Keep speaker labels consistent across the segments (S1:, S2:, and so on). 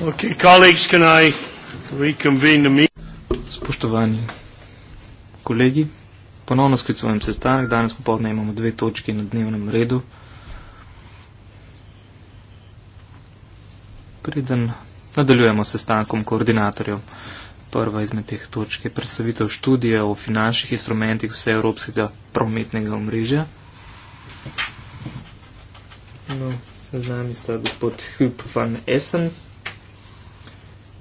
S1: Okay, colleagues, can I reconvene the meeting?
S2: Spoštovani kolegi, ponovno sklicujem sestanek. Danes popoldne imamo dve točki na dnevnem redu. Preden nadaljujemo sestankom koordinatorjev, prva izmed teh točk je predstavitev študije o finančnih instrumentih vseevropskega prometnega omrežja. No, z nami sta gospod Hüb van Essen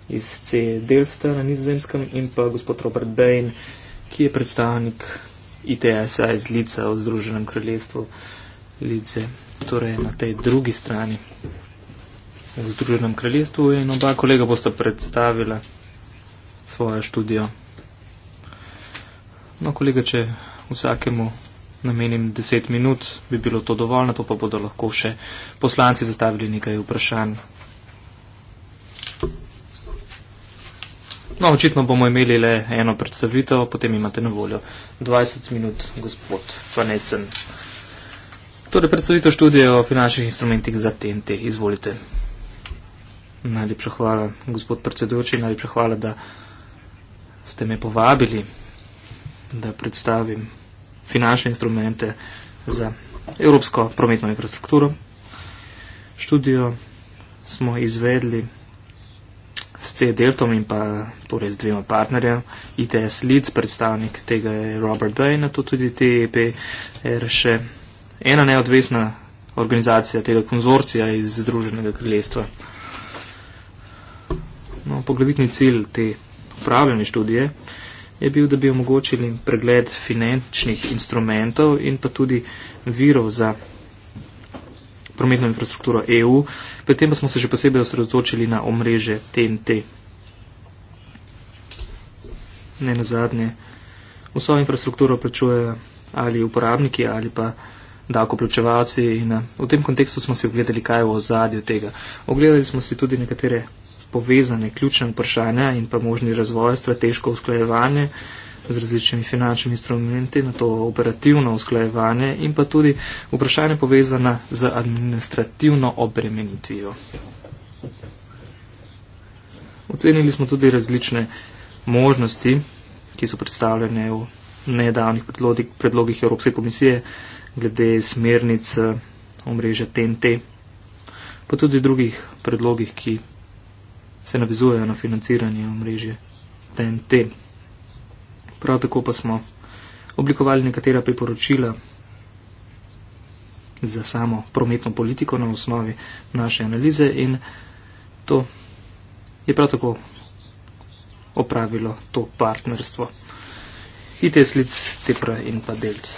S2: iz C. Delfta na nizozemskem in pa gospod Robert Bain, ki je predstavnik ITS-a iz Lica v Združenem kraljestvu Lice, torej na tej drugi strani v Združenem kraljestvu in oba kolega bosta predstavila svojo študijo. No, kolega, če vsakemu namenim 10 minut, bi bilo to dovolj, na to pa bodo lahko še poslanci zastavili nekaj vprašanj. No, očitno bomo imeli le eno predstavitev, potem imate na voljo 20 minut, gospod Fanesen. Torej, predstavitev študije o finančnih instrumentih za TNT. Izvolite. Najlepša hvala, gospod predsedujoči, najlepša hvala, da ste me povabili, da predstavim finančne instrumente za Evropsko prometno infrastrukturo. Študijo smo izvedli s C. Deltom in pa torej z dvema partnerjem. ITS Leeds, predstavnik tega je Robert Bay, na to tudi TEPR e še ena neodvisna organizacija tega konzorcija iz Združenega kraljestva. No, poglavitni cilj te upravljene študije je bil, da bi omogočili pregled finančnih instrumentov in pa tudi virov za prometno infrastrukturo EU, pri tem pa smo se še posebej osredotočili na omreže TNT. Ne na zadnje, vso infrastrukturo plačujejo ali uporabniki ali pa davkoplačevalci in eh, v tem kontekstu smo si ogledali, kaj je v ozadju tega. Ogledali smo si tudi nekatere povezane ključne vprašanja in pa možni razvoj, strateško usklajevanje. Uh, z različnimi finančnimi instrumenti, na to operativno usklajevanje in pa tudi vprašanje povezana z administrativno obremenitvijo. Ocenili smo tudi različne možnosti, ki so predstavljene v nedavnih predlogih, predlogih Evropske komisije glede smernic omrežja TNT, pa tudi drugih predlogih, ki se navizujejo na financiranje omrežja TNT. Prav tako pa smo oblikovali nekatera priporočila za samo prometno politiko na osnovi naše analize in to je prav tako opravilo to partnerstvo. ITS-lic, TEPRA in pa DELC.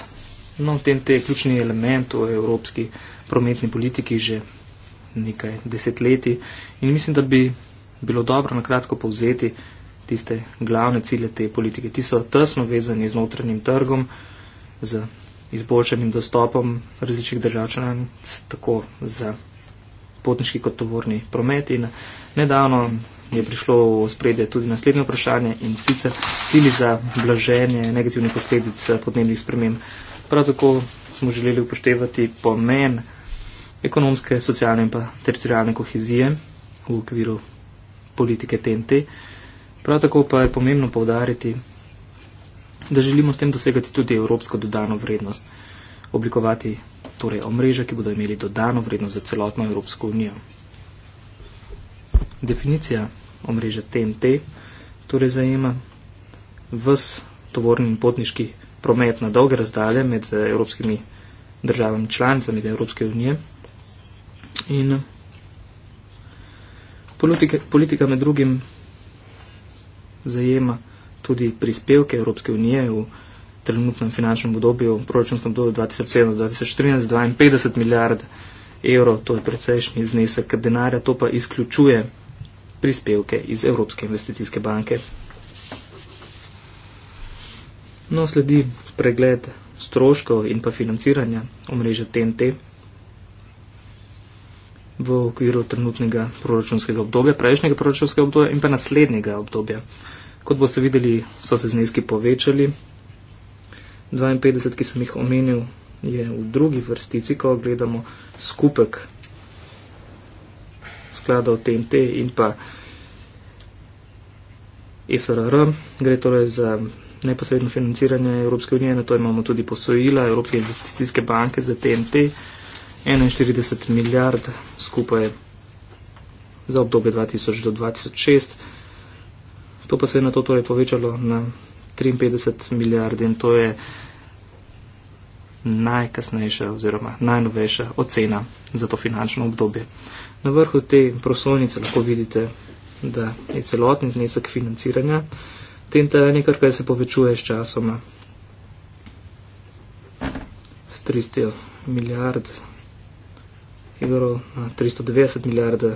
S2: No, tem te ključni element v evropski prometni politiki že nekaj desetletij in mislim, da bi bilo dobro na kratko povzeti, tiste glavne cilje te politike. Ti so tesno vezani z notranjim trgom, z izboljšanim dostopom različnih držav, tako za potniški kot tovorni promet. In nedavno je prišlo v spredje tudi naslednje vprašanje in sicer cilji za blaženje negativnih posledic podnebnih sprememb. Prav tako smo želeli upoštevati pomen ekonomske, socialne in pa teritorijalne kohezije v okviru politike TNT. Uh, Prav tako pa je pomembno povdariti, da želimo s tem dosegati tudi evropsko dodano vrednost, oblikovati torej omrežja, ki bodo imeli dodano vrednost za celotno Evropsko unijo. Definicija omrežja TNT torej zajema vs tovorni in potniški promet na dolge razdalje med eh, evropskimi državami članicami Evropske unije in politike, politika med drugim zajema tudi prispevke Evropske unije v trenutnem finančnem obdobju, v proračunskem obdobju 2007-2014, 52 milijard evrov, to je precejšnji znesek denarja, to pa izključuje prispevke iz Evropske investicijske banke. No, sledi pregled stroškov in pa financiranja omrežja TNT v okviru trenutnega proračunskega obdobja, prejšnjega proračunskega obdobja in pa naslednjega obdobja. Kot boste videli, so se zneski povečali. 52, ki sem jih omenil, je v drugi vrstici, ko gledamo skupek skladov TNT in pa SRR. Gre torej za neposredno financiranje Evropske unije, na to imamo tudi posojila Evropske investicijske banke za TNT. 41 milijard skupaj za obdobje 2000 do 2006. To pa se je na to torej povečalo na 53 milijard in to je najkasnejša oziroma najnovejša ocena za to finančno obdobje. Na vrhu te prosojnice lahko vidite, da je celotni znesek financiranja TNT nekaj, kar se povečuje s časoma. 300 milijard evrov na 390 milijarde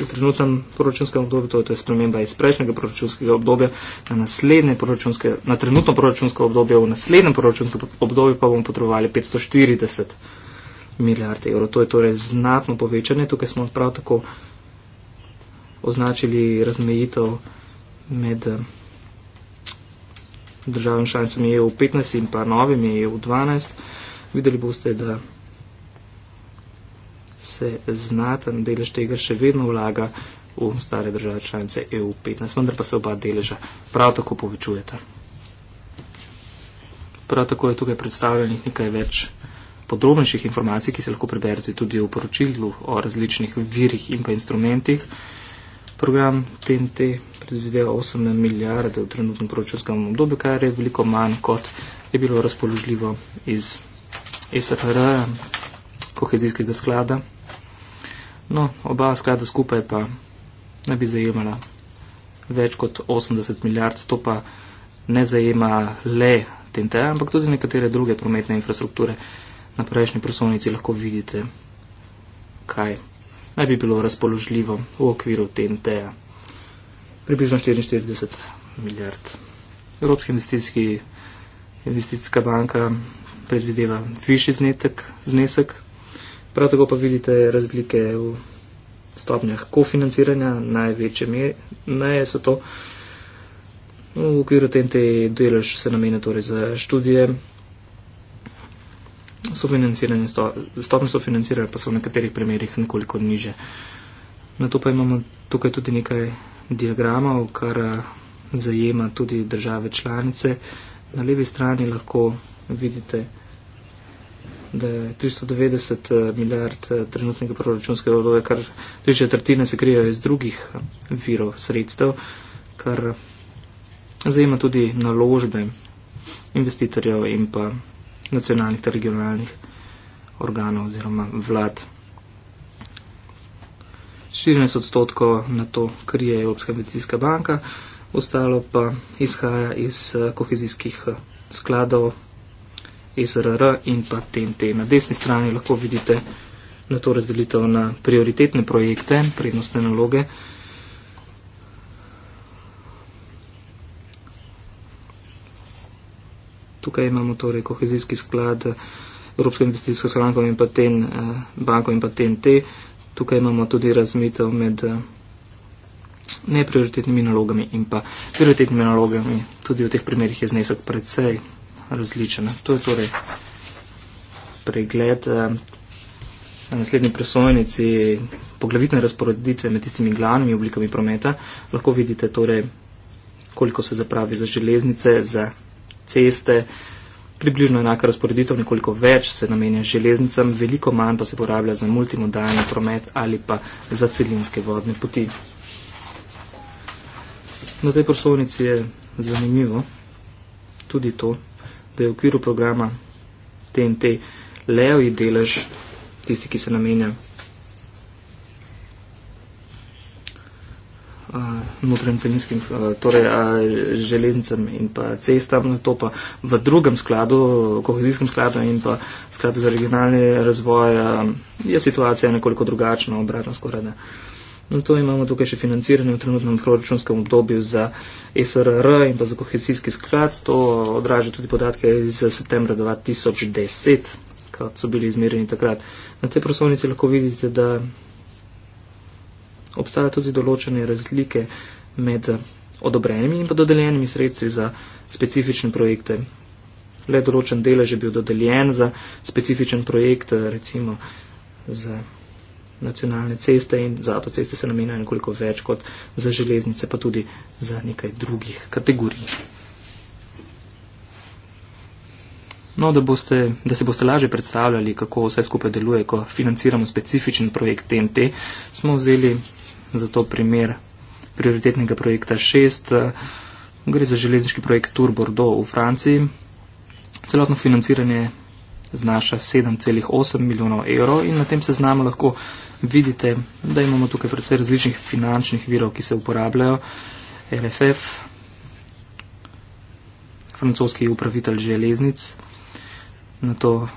S2: v trenutnem proračunskem obdobju, to je sprememba iz prejšnjega proračunskega obdobja na naslednje proračunske, na trenutno proračunsko obdobje, v naslednjem proračunskem obdobju pa bomo potrebovali 540 milijard evrov. To je torej znatno povečanje. Tukaj smo prav tako označili razmejitev med eh, državami članicami EU 15 in pa novimi EU 12. Videli boste, da se znaten delež tega še vedno vlaga v stare države članice EU15, vendar pa se oba deleža prav tako povečujeta. Prav tako je tukaj predstavljenih nekaj več podrobnejših informacij, ki se lahko preberete tudi v poročilu o različnih virih in pa instrumentih. Program TNT predvideva 8 milijarde v trenutnem proračunskem obdobju, kar je veliko manj, kot je bilo razpoložljivo iz SRR, kohezijskega sklada. No, oba sklada skupaj pa ne bi zajemala več kot 80 milijard, to pa ne zajema le TNT, ampak tudi nekatere druge prometne infrastrukture. Na prejšnji prosovnici lahko vidite, kaj naj bi bilo razpoložljivo v okviru TNT. -a. Približno 44 milijard. Evropska investicijska banka predvideva višji znetek, znesek Prav tako pa vidite razlike v stopnjah kofinanciranja, največje meje so to. V okviru tem te delež se namenja torej za študije, sofinanciranje, stopnje sofinanciranja pa so v nekaterih primerjih nekoliko niže. Na to pa imamo tukaj tudi nekaj diagramov, kar zajema tudi države članice. Na levi strani lahko vidite, da da je 390 eh, milijard eh, trenutnega proračunskega obdobja, kar tri četrtine se krijejo iz drugih eh, virov sredstev, kar zajema tudi naložbe investitorjev in pa nacionalnih ter regionalnih organov oziroma vlad. 14 odstotkov na to krije Evropska medicinska banka, ostalo pa izhaja iz kohezijskih skladov SRR in pa TNT. Na desni strani lahko vidite na to razdelitev na prioritetne projekte, prednostne naloge. Tukaj imamo torej kohezijski sklad Evropske investicijske skladanke in pa TN, eh, banko in pa TNT. Tukaj imamo tudi razmitev med eh, neprioritetnimi nalogami in pa prioritetnimi nalogami. Tudi v teh primerjih je znesek predvsej različen. To je torej pregled eh, na naslednji presojnici poglavitne razporeditve med tistimi glavnimi oblikami prometa. Lahko vidite torej, koliko se zapravi za železnice, za ceste. Približno enaka razporeditev, nekoliko več se namenja železnicam, veliko manj pa se porablja za multimodalni promet ali pa za celinske vodne poti. Na tej prosovnici je zanimivo tudi to, da je v okviru programa TNT levji delež tisti, ki se namenja notranjim celinskim, torej železnicam in pa cestam, to pa v drugem skladu, kohezijskem skladu in pa skladu za regionalni razvoj je situacija nekoliko drugačna, obratno skoraj da. Na no, to imamo tukaj še financiranje v trenutnem proračunskem obdobju za SRR in pa za kohezijski sklad. To odraža tudi podatke iz septembra 2010, kot so bili izmerjeni takrat. Na tej prosovnici lahko vidite, da obstaja tudi določene razlike med odobrenimi in pa dodeljenimi sredstvi za specifične projekte. Le določen delež je bil dodeljen za specifičen projekt, recimo za nacionalne ceste in za avtoceste se namenja nekoliko več kot za železnice, pa tudi za nekaj drugih kategorij. No, da, boste, da se boste lažje predstavljali, kako vse skupaj deluje, ko financiramo specifičen projekt TNT, smo vzeli za to primer prioritetnega projekta 6. Eh, gre za železniški projekt Tour Bordeaux v Franciji. Celotno financiranje znaša 7,8 milijonov evrov in na tem seznamu lahko vidite, da imamo tukaj predvsej različnih finančnih virov, ki se uporabljajo. LFF, francoski upravitelj železnic, na to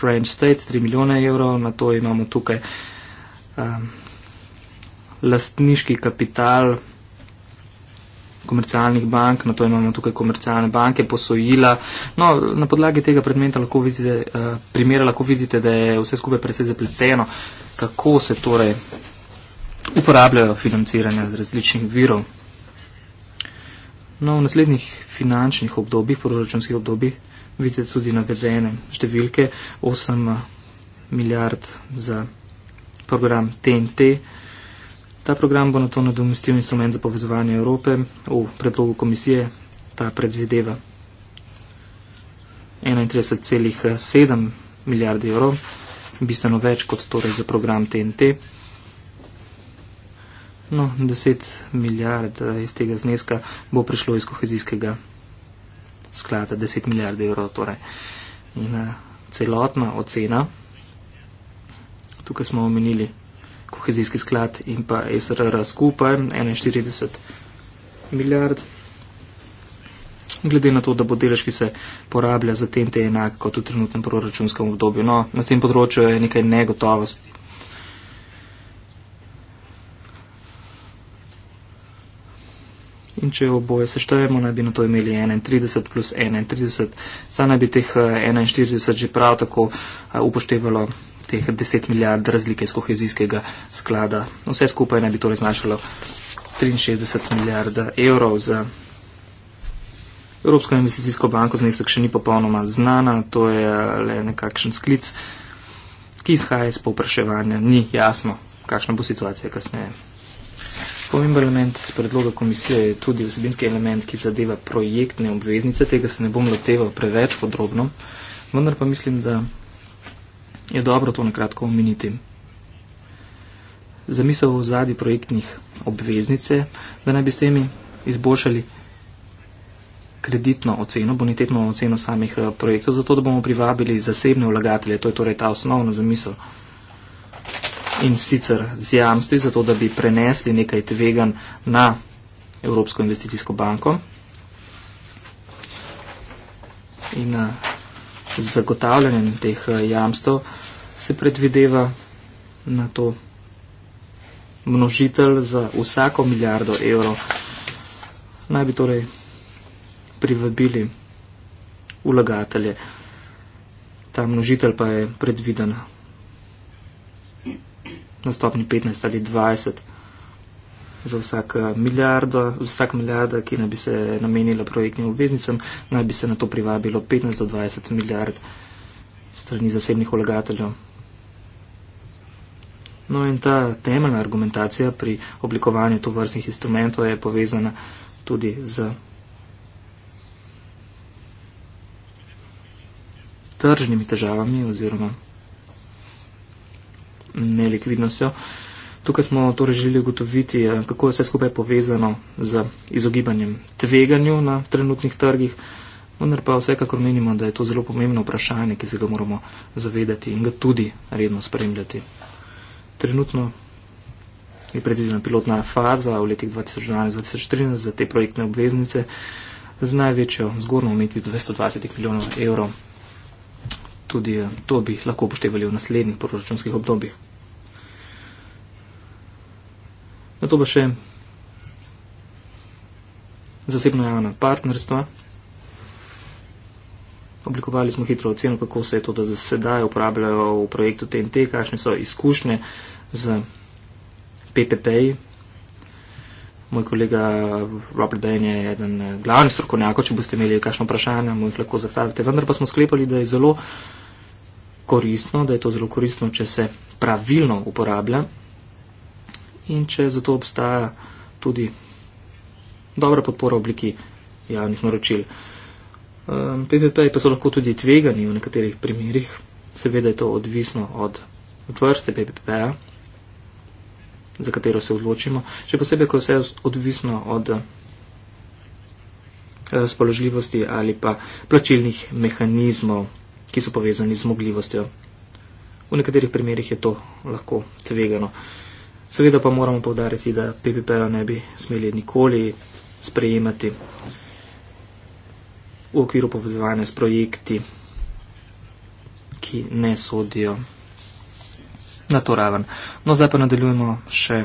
S2: French State, 3 milijone evrov, na to imamo tukaj um, lastniški kapital komercialnih bank, na to imamo tukaj komercialne banke, posojila. No, na podlagi tega predmeta lahko vidite, eh, primere lahko vidite, da je vse skupaj predvsej zapleteno, kako se torej uporabljajo financiranja z različnih virov. No, v naslednjih finančnih obdobjih, proračunskih obdobjih, vidite tudi navedene številke, 8 milijard za program TNT, Ta program bo na to nadomestil instrument za povezovanje Evrope v predlogu komisije, ta predvideva 31,7 milijardi evrov, bistveno več kot torej za program TNT. No, 10 milijard eh, iz tega zneska bo prišlo iz kohezijskega sklada, 10 milijard evrov torej. In eh, celotna ocena, tukaj smo omenili kohezijski sklad in pa SRR skupaj 41 milijard. Glede na to, da bo delež, ki se porablja za TNT enak kot v trenutnem proračunskem obdobju. No, na tem področju je nekaj negotovosti. In če oboje seštejemo, naj bi na to imeli 31 plus 31. Saj naj bi teh 41 eh, že prav tako eh, upoštevalo teh 10 milijard razlike iz kohezijskega sklada. Vse skupaj naj bi torej znašalo 63 milijard evrov za Evropsko investicijsko banko, znesek še ni popolnoma znana, to je le nekakšen sklic, ki izhaja iz povpraševanja, ni jasno, kakšna bo situacija kasneje. Pomemben element predloga komisije je tudi vsebinski element, ki zadeva projektne obveznice, tega se ne bom loteval preveč podrobno, vendar pa mislim, da je dobro to nakratko omeniti. Zamisel v zadnji projektnih obveznice, da naj bi s temi izboljšali kreditno oceno, bonitetno oceno samih eh, projektov, zato da bomo privabili zasebne vlagatelje, to je torej ta osnovna zamisel. In sicer z jamstvi, zato da bi prenesli nekaj tvegan na Evropsko investicijsko banko. In eh, z zagotavljanjem teh eh, jamstv se predvideva na to množitelj za vsako milijardo evrov. Naj bi torej privabili vlagatelje. Ta množitelj pa je predviden na stopni 15 ali 20 za vsak eh, milijardo, za vsak milijarda, ki naj bi se namenila projektnim obveznicam, naj bi se na to privabilo 15 do 20 milijard strani zasebnih vlagateljev. No in ta temeljna argumentacija pri oblikovanju tovrstnih instrumentov je povezana tudi z tržnimi težavami oziroma nelikvidnostjo. Tukaj smo torej želeli ugotoviti, eh, kako je vse skupaj povezano z izogibanjem tveganju na trenutnih trgih, vendar pa vsekakor menimo, da je to zelo pomembno vprašanje, ki se ga moramo zavedati in ga tudi redno spremljati. Trenutno je predvidena pilotna faza v letih 2012-2013 za te projektne obveznice z največjo zgornjo omejitvijo 220 milijonov evrov. Tudi eh, to bi lahko upoštevali v naslednjih proračunskih obdobjih. Na to pa še zasebno javna partnerstva. Oblikovali smo hitro oceno, kako se je to, da sedaj uporabljajo v projektu TNT, kakšne so izkušnje z PPP. Moj kolega Robert Bain je eden glavnih strokovnjakov, če boste imeli kakšno vprašanje, mu jih lahko zahtavite. Vendar pa smo sklepali, da je zelo koristno, da je to zelo koristno, če se pravilno uporablja in če za to obstaja tudi dobra podpora v obliki javnih naročil. PPP ehm, pa so lahko tudi tvegani v nekaterih primerjih, seveda je to odvisno od vrste PPP, za katero se odločimo, še posebej, ko se je odvisno od eh, razpoložljivosti ali pa plačilnih mehanizmov, ki so povezani z mogljivostjo. V nekaterih primerjih je to lahko tvegano. Seveda pa moramo povdariti, da PPP-ja ne bi smeli nikoli sprejemati v okviru povezovanja s projekti, ki ne sodijo na to raven. No, zdaj pa nadaljujemo še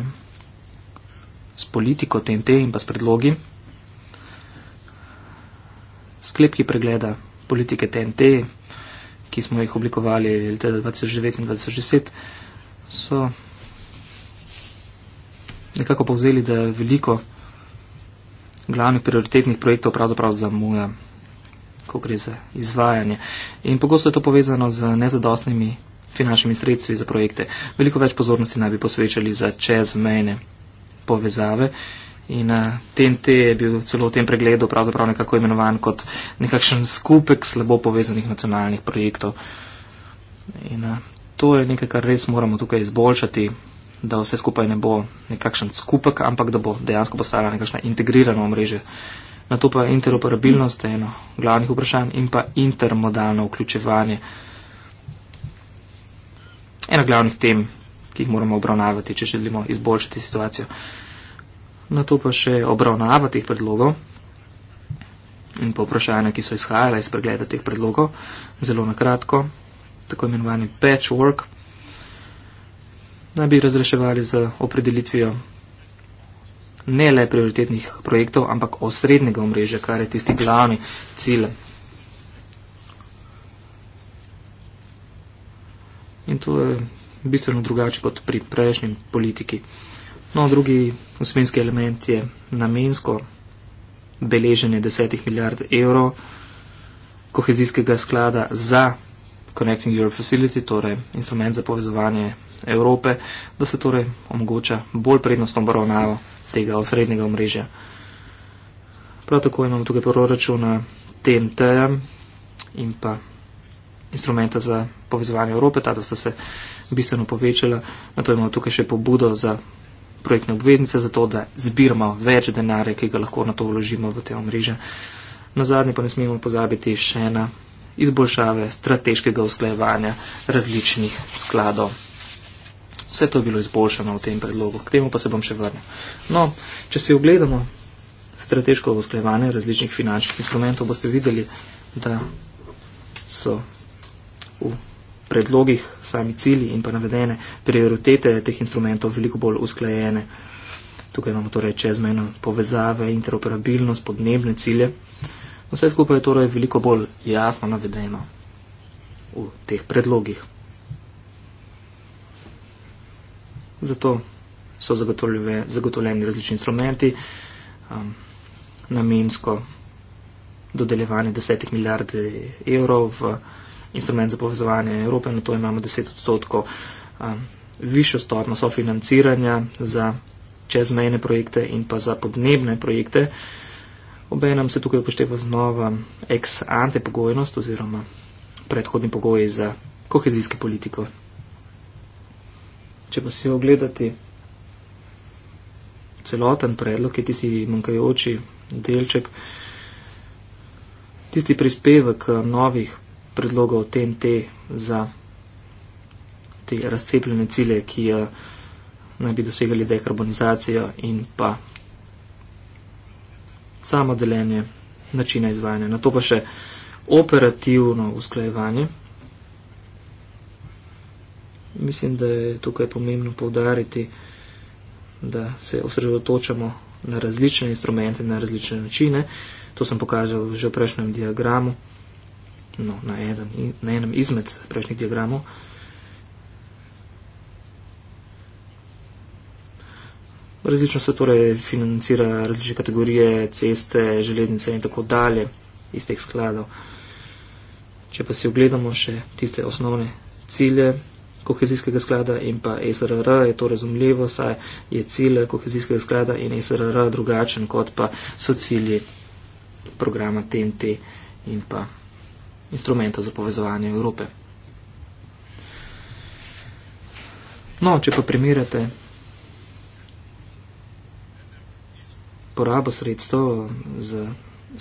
S2: s politiko TNT in pa s predlogi. Sklepki pregleda politike TNT, ki smo jih oblikovali leta 2009 in 2010, so nekako povzeli, da veliko glavnih prioritetnih projektov pravzaprav zamuja, ko gre za izvajanje. In pogosto je to povezano z nezadostnimi finančnimi sredstvi za projekte. Veliko več pozornosti naj bi posvečali za čezmejne povezave. In TNT eh, je bil celo v tem pregledu pravzaprav nekako imenovan kot nekakšen skupek slabo povezanih nacionalnih projektov. In a, eh, to je nekaj, kar res moramo tukaj izboljšati, da vse skupaj ne bo nekakšen skupek, ampak da bo dejansko postala nekakšna integrirana omrežja. Na to pa interoperabilnost je eno glavnih vprašanj in pa intermodalno vključevanje. Ena glavnih tem, ki jih moramo obravnavati, če želimo izboljšati situacijo. Na to pa še obravnava teh predlogov in pa vprašanja, ki so izhajala iz pregleda teh predlogov, zelo nakratko, tako imenovani patchwork naj bi razreševali z opredelitvijo ne le prioritetnih projektov, ampak osrednjega omrežja, kar je tisti glavni cilj. In to je bistveno drugače kot pri prejšnjem politiki. No, drugi usmenski element je namensko beleženje desetih milijard evrov kohezijskega sklada za Connecting Europe Facility, torej instrument za povezovanje Evrope, da se torej omogoča bolj prednostno obravnavo tega osrednjega omrežja. Prav tako imamo tukaj proračuna TNT in pa instrumenta za povezovanje Evrope, ta da so se bistveno povečala. Na to imamo tukaj še pobudo za projektne obveznice, zato da zbiramo več denarja, ki ga lahko na to vložimo v te omrežja. Na zadnje pa ne smemo pozabiti še na izboljšave strateškega usklajevanja različnih skladov. Vse to je bilo izboljšano v tem predlogu, k temu pa se bom še vrnil. No, če si ogledamo strateško usklajevanje različnih finančnih instrumentov, boste videli, da so v predlogih sami cili in pa navedene prioritete teh instrumentov veliko bolj usklajene. Tukaj imamo torej čezmejno povezave, interoperabilnost, podnebne cilje. Uh, Vse skupaj je torej veliko bolj jasno navedeno v teh predlogih. Zato so zagotovljeni različni instrumenti, um, namensko dodeljevanje desetih milijard evrov v instrument za povezovanje Evrope, na to imamo deset odstotkov um, višjo stopno sofinanciranja za čezmejne projekte in pa za podnebne projekte. Um, Obenem se tukaj upošteva znova ex ante pogojnost oziroma predhodni pogoji za kohezijsko politiko. Če pa si ogledati celoten predlog, je tisti manjkajoči delček, tisti prispevek eh, novih predlogov TNT za te razcepljene cilje, ki eh, naj bi dosegali dekarbonizacijo in pa samo deljenje načina izvajanja, na to pa še operativno usklajevanje. Mislim, da je tukaj pomembno povdariti, da se osredotočamo na različne instrumente, na različne načine. To sem pokazal že v prejšnjem diagramu, no, na, eden, na enem izmed prejšnjih diagramov. Različno se torej financira različne kategorije, ceste, železnice in tako dalje iz teh skladov. Če pa si ogledamo še tiste osnovne cilje kohezijskega sklada in pa SRR, je to razumljivo, saj je cilj kohezijskega sklada in SRR drugačen kot pa so cilji programa TNT in pa instrumenta za povezovanje Evrope. No, če pa primerjate porabo sredstev z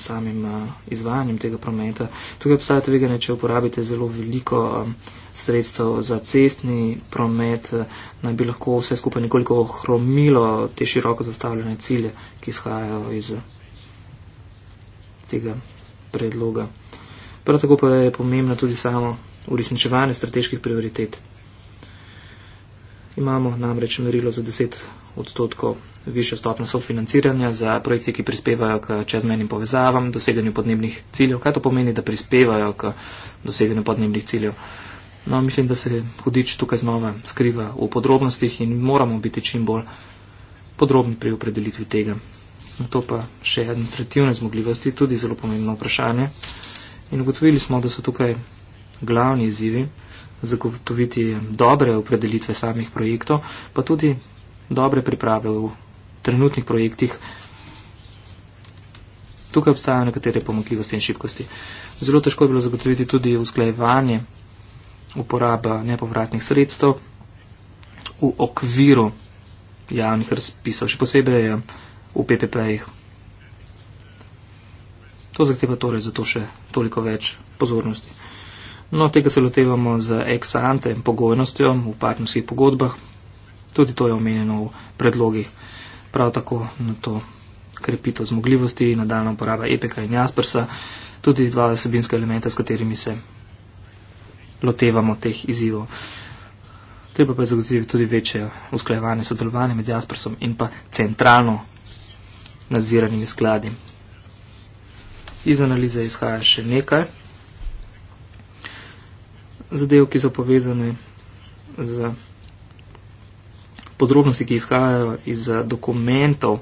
S2: samim eh, izvajanjem tega prometa. Tukaj obstaja tveganje, če uporabite zelo veliko eh, sredstev za cestni promet, eh, naj bi lahko vse skupaj nekoliko ohromilo te široko zastavljene cilje, ki izhajajo iz tega predloga. Prav tako pa je pomembno tudi samo uresničevanje strateških prioritet. Imamo namreč merilo za 10 odstotkov više stopne sofinanciranja za projekte, ki prispevajo k čezmenim povezavam, doseganju podnebnih ciljev. Kaj to pomeni, da prispevajo k doseganju podnebnih ciljev? No, mislim, da se hudič tukaj znova skriva v podrobnostih in moramo biti čim bolj podrobni pri opredelitvi tega. Na to pa še administrativne zmogljivosti, tudi zelo pomembno vprašanje. In ugotovili smo, da so tukaj glavni izzivi zagotoviti dobre opredelitve samih projektov, pa tudi dobre priprave v trenutnih projektih. Tukaj obstajajo nekatere pomakljivosti in šibkosti. Zelo težko je bilo zagotoviti tudi usklajevanje uporaba nepovratnih sredstev v okviru javnih razpisov, še posebej eh, v PPP-jih. To zahteva torej zato še toliko več pozornosti. No, tega se lotevamo z ex ante pogojnostjo v partnerskih pogodbah, Tudi to je omenjeno v predlogih. Prav tako na to krepitev zmogljivosti in nadaljna uporaba EPK in Jaspersa, tudi dva osebinska elementa, s katerimi se lotevamo teh izzivov. Treba pa je zagotoviti tudi večje usklajevanje, sodelovanje med Jaspersom in pa centralno nadziranimi skladi. Iz analize izhaja še nekaj zadev, ki so povezane z podrobnosti, ki izhajajo iz eh, dokumentov,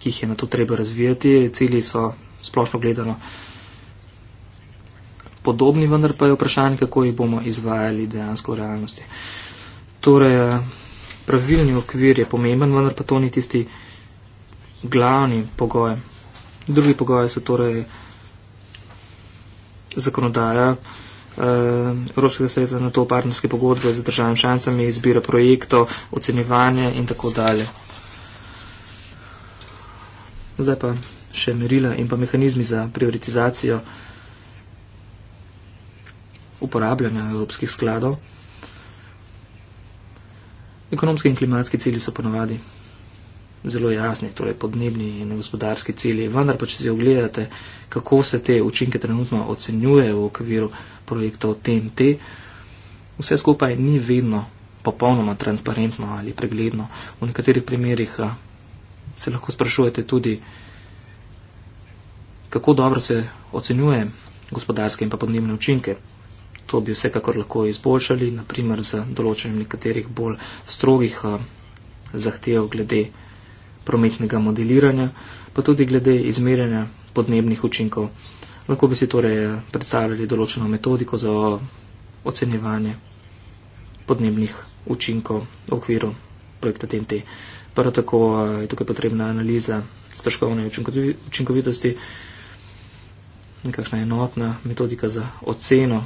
S2: ki jih je na to treba razvijati. Cilji so splošno gledano podobni, vendar pa je vprašanje, kako jih bomo izvajali dejansko v realnosti. Torej, eh, pravilni okvir je pomemben, vendar pa to ni tisti glavni pogoj. Drugi pogoj so torej zakonodaja, Eh, Evropskega sveta na to partnerske pogodbe z državami šancami, izbira projektov, ocenjevanje in tako dalje. Zdaj pa še merila in pa mehanizmi za prioritizacijo uporabljanja evropskih skladov. Ekonomski in klimatski cilji so ponovadi zelo jasni, torej podnebni in gospodarski cilji. Vendar pa, če si ogledate, kako se te učinke trenutno ocenjuje v okviru projektov TNT, vse skupaj ni vedno popolnoma transparentno ali pregledno. V nekaterih primerjih se lahko sprašujete tudi, kako dobro se ocenjuje gospodarske in pa podnebne učinke. To bi vsekakor lahko izboljšali, naprimer z določenjem nekaterih bolj strogih zahtev glede prometnega modeliranja, pa tudi glede izmerjanja podnebnih učinkov. Lahko bi si torej eh, predstavljali določeno metodiko za ocenjevanje podnebnih učinkov v okviru projekta TNT. Prav tako eh, je tukaj potrebna analiza stroškovne učinkovitosti, nekakšna enotna metodika za oceno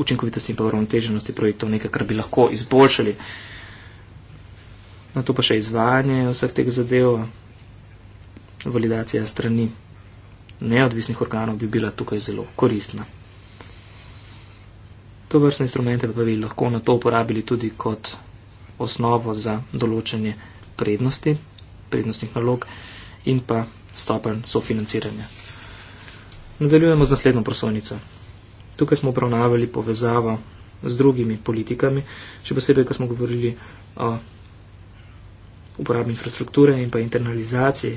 S2: učinkovitosti in pa uravnoteženosti projektov, nekaj, kar bi lahko izboljšali. Uh, na no, to pa še izvajanje vseh teh zadev, validacija strani neodvisnih organov bi bila tukaj zelo koristna. To vrstne instrumente pa bi lahko na to uporabili tudi kot osnovo za določanje prednosti, prednostnih nalog in pa stopen sofinanciranja. Nadaljujemo z naslednjo prosojnico. Tukaj smo obravnavali povezavo z drugimi politikami, še posebej, ko smo govorili o uporabi infrastrukture in pa internalizacije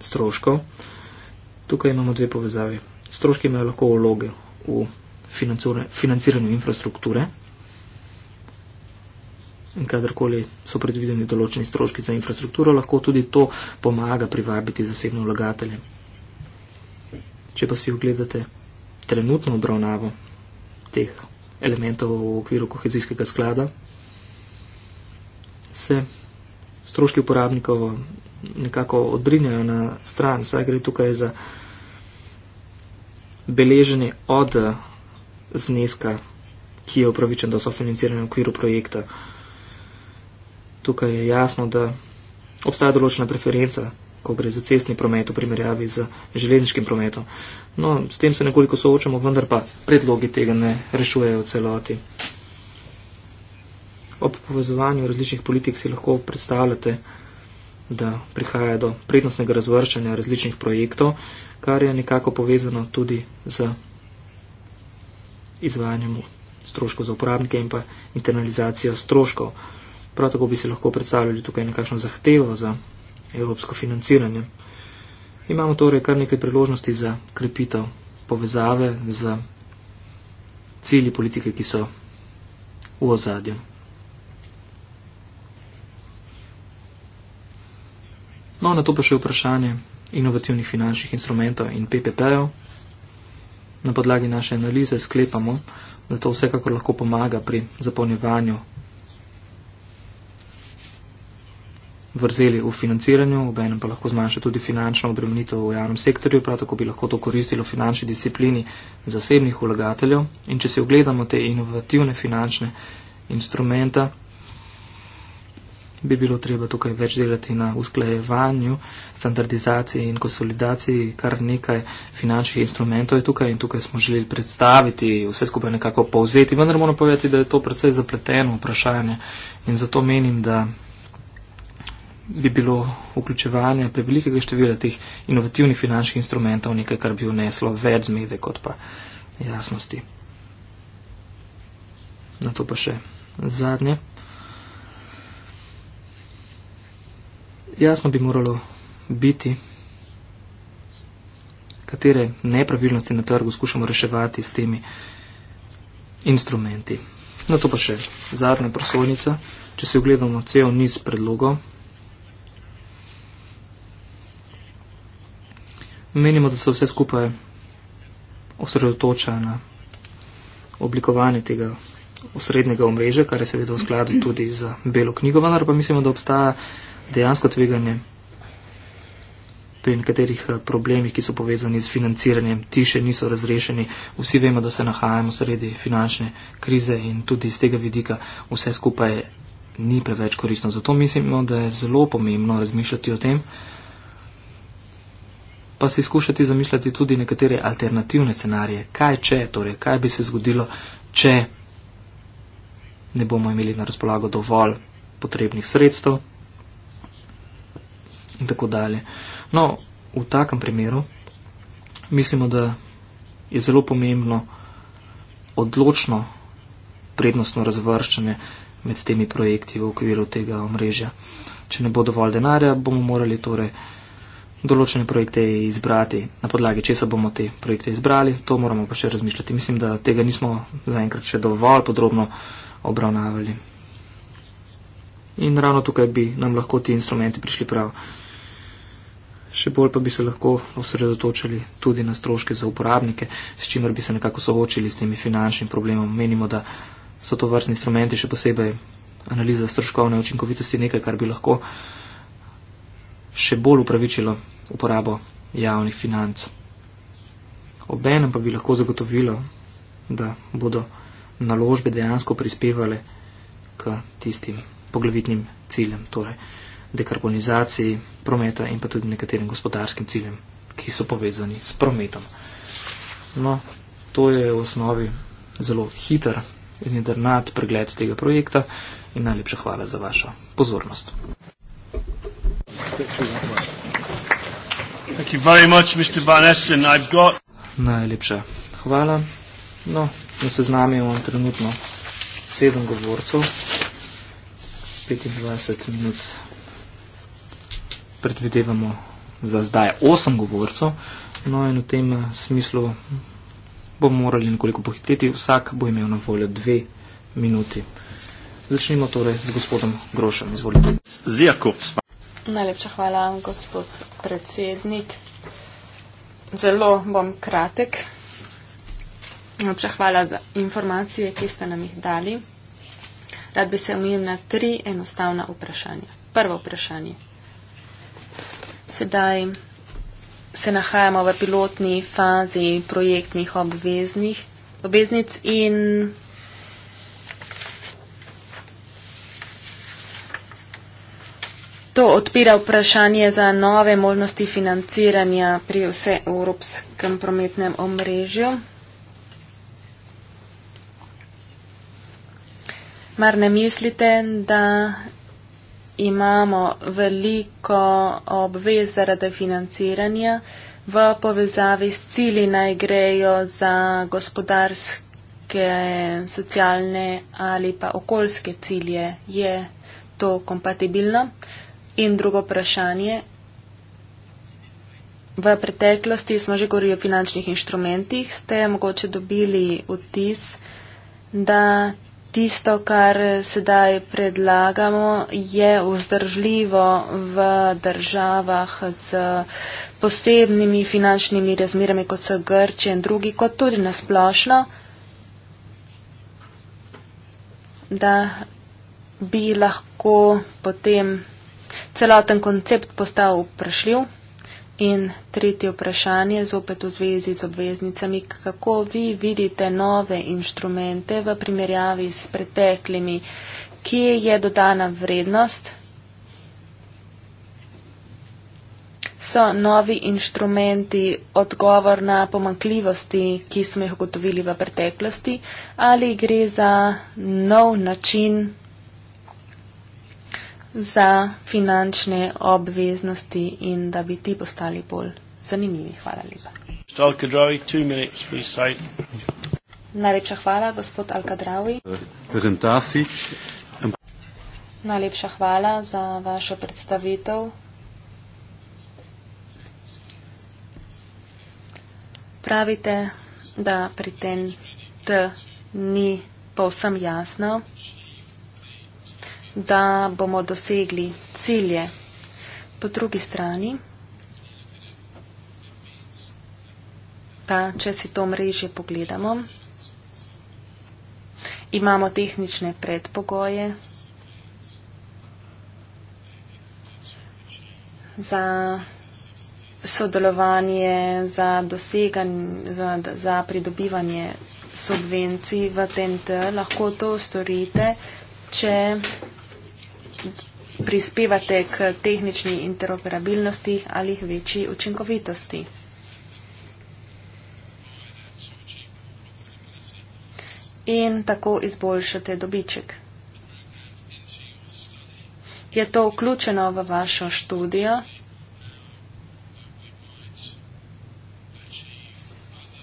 S2: stroškov. Tukaj imamo dve povezavi. Stroški imajo lahko vloge v financiranju infrastrukture. In kadarkoli so predvideni določeni stroški za infrastrukturo, lahko tudi to pomaga privabiti zasebne vlagatelje. Če pa si ogledate trenutno obravnavo teh elementov v okviru kohezijskega sklada, se stroški uporabnikov nekako odrinjajo na stran, saj gre tukaj za beleženje od zneska, ki je upravičen do sofinanciranja v okviru projekta. Tukaj je jasno, da obstaja določena preferenca, ko gre za cestni promet v primerjavi z železniškim prometom. No, s tem se nekoliko soočamo, vendar pa predlogi tega ne rešujejo v celoti ob povezovanju različnih politik si lahko predstavljate, da prihaja do prednostnega razvrščanja različnih projektov, kar je nekako povezano tudi z izvajanjem stroškov za uporabnike in pa internalizacijo stroškov. Prav tako bi se lahko predstavljali tukaj nekakšno zahtevo za evropsko financiranje. Imamo torej kar nekaj priložnosti za krepitev povezave z cilji politike, ki so v ozadju. No, na to pa še vprašanje inovativnih finančnih instrumentov in PPP-jev. Na podlagi naše analize sklepamo, da to vsekakor lahko pomaga pri zapolnjevanju vrzeli v financiranju, ob enem pa lahko zmanjša tudi finančno obremenitev v javnem sektorju, prav tako bi lahko to koristilo finančni disciplini zasebnih vlagateljev. In če si ogledamo te inovativne finančne instrumente, bi bilo treba tukaj več delati na usklajevanju, standardizaciji in konsolidaciji, kar nekaj finančnih instrumentov je tukaj in tukaj smo želeli predstaviti, vse skupaj nekako povzeti, vendar moram povedati, da je to predvsej zapleteno vprašanje in zato menim, da bi bilo vključevanje prevelikega števila teh inovativnih finančnih instrumentov nekaj, kar bi vneslo več zmede kot pa jasnosti. Na to pa še zadnje. jasno bi moralo biti, katere nepravilnosti na trgu skušamo reševati s temi instrumenti. Na no, to pa še zadnja prosojnica, če se ogledamo cel niz predlogov. Menimo, da se vse skupaj osredotoča na oblikovanje tega osrednjega omrežja, kar je seveda v skladu tudi za Belo knjigo, vendar pa mislimo, da obstaja dejansko tveganje pri nekaterih eh, problemih, ki so povezani z financiranjem, ti še niso razrešeni. Vsi vemo, da se nahajamo sredi finančne krize in tudi iz tega vidika vse skupaj ni preveč koristno. Zato mislimo, da je zelo pomembno razmišljati o tem, pa si skušati zamišljati tudi nekatere alternativne scenarije. Kaj če, torej, kaj bi se zgodilo, če ne bomo imeli na razpolago dovolj potrebnih sredstev, in tako dalje. No, v takem primeru mislimo, da je zelo pomembno odločno prednostno razvrščanje med temi projekti v okviru tega omrežja. Če ne bo dovolj denarja, bomo morali torej določene projekte izbrati, na podlagi česa bomo te projekte izbrali, to moramo pa še razmišljati. Mislim, da tega nismo zaenkrat še dovolj podrobno obravnavali. In ravno tukaj bi nam lahko ti instrumenti prišli prav še bolj pa bi se lahko osredotočili tudi na stroške za uporabnike, s čimer bi se nekako soočili s temi finančnim problemom. Menimo, da so to vrstni instrumenti, še posebej analiza stroškovne učinkovitosti, nekaj, kar bi lahko še bolj upravičilo uporabo javnih financ. Obenem pa bi lahko zagotovilo, da bodo naložbe dejansko prispevale k tistim poglavitnim ciljem. Torej, dekarbonizaciji prometa in pa tudi nekaterim gospodarskim ciljem, ki so povezani s prometom. No, to je v osnovi zelo hiter in internat pregled tega projekta in najlepša hvala za vašo pozornost. Najlepša hvala. No, na seznamu imam trenutno sedem govorcev, 25 minut predvidevamo za zdaj osem govorcev. No in v tem eh, smislu bomo morali nekoliko pohiteti, vsak bo imel na voljo dve minuti. Začnimo torej z gospodom Grošem. Izvolite.
S1: Z Jakobsma. Najlepša hvala, gospod predsednik. Zelo bom kratek. Najlepša hvala za informacije, ki ste nam jih dali. Rad bi se omenil na tri enostavna vprašanja. Prvo vprašanje. Sedaj se nahajamo v pilotni fazi projektnih obveznih, obveznic in to odpira vprašanje za nove možnosti financiranja pri vseevropskem prometnem omrežju. Mar ne mislite, da imamo veliko obvez zaradi financiranja v povezavi s cili naj grejo za gospodarske, socialne ali pa okoljske cilje. Je to kompatibilno? In drugo vprašanje. V preteklosti smo že govorili o finančnih inštrumentih. Ste mogoče dobili vtis, da tisto, kar sedaj predlagamo, je vzdržljivo v državah z posebnimi finančnimi razmerami, kot so Grče in drugi, kot tudi nasplošno, da bi lahko potem celoten koncept postal vprašljiv. In tretje vprašanje, zopet v zvezi z obveznicami, kako vi vidite nove inštrumente v primerjavi s preteklimi, kje je dodana vrednost? So novi inštrumenti odgovor na pomankljivosti, ki smo jih ugotovili v preteklosti, ali gre za nov način za finančne obveznosti in da bi ti postali bolj zanimivi. Hvala lepa. Najlepša hvala, gospod Alkadravi. Eh, Najlepša hvala za vašo predstavitev. Pravite, da pri tem T ni povsem jasno da bomo dosegli cilje. Po drugi strani, pa če si to mrežje pogledamo, imamo tehnične predpogoje za sodelovanje, za doseganje, za, za pridobivanje subvencij v TNT. Lahko to storite, če prispevate k tehnični interoperabilnosti ali večji učinkovitosti. In tako izboljšate dobiček. Je to vključeno v vašo študijo?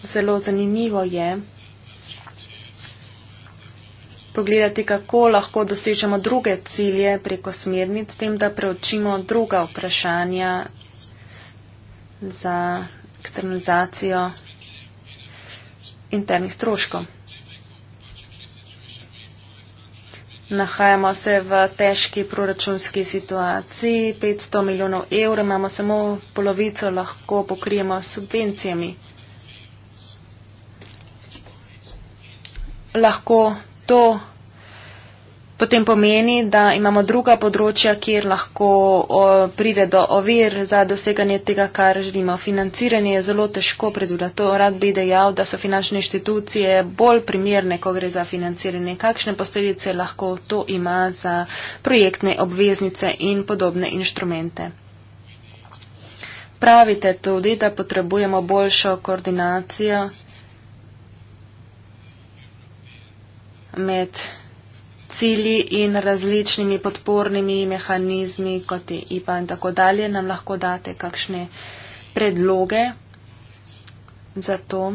S1: Zelo zanimivo je, pogledati, kako lahko dosežemo druge cilje preko smernic, s tem, da preučimo druga vprašanja za externalizacijo internih stroškov. Nahajamo se v težki proračunski situaciji, 500 milijonov evrov, imamo samo polovico, lahko pokrijemo s subvencijami. Lahko to potem pomeni, da imamo druga področja, kjer lahko pride do ovir za doseganje tega, kar želimo. Financiranje je zelo težko predvideti. Rad bi dejal, da so finančne inštitucije bolj primerne, ko gre za financiranje. Kakšne posledice lahko to ima za projektne obveznice in podobne inštrumente? Pravite tudi, da potrebujemo boljšo koordinacijo med cilji in različnimi podpornimi mehanizmi, kot je IPA in tako dalje, nam lahko date kakšne predloge za to.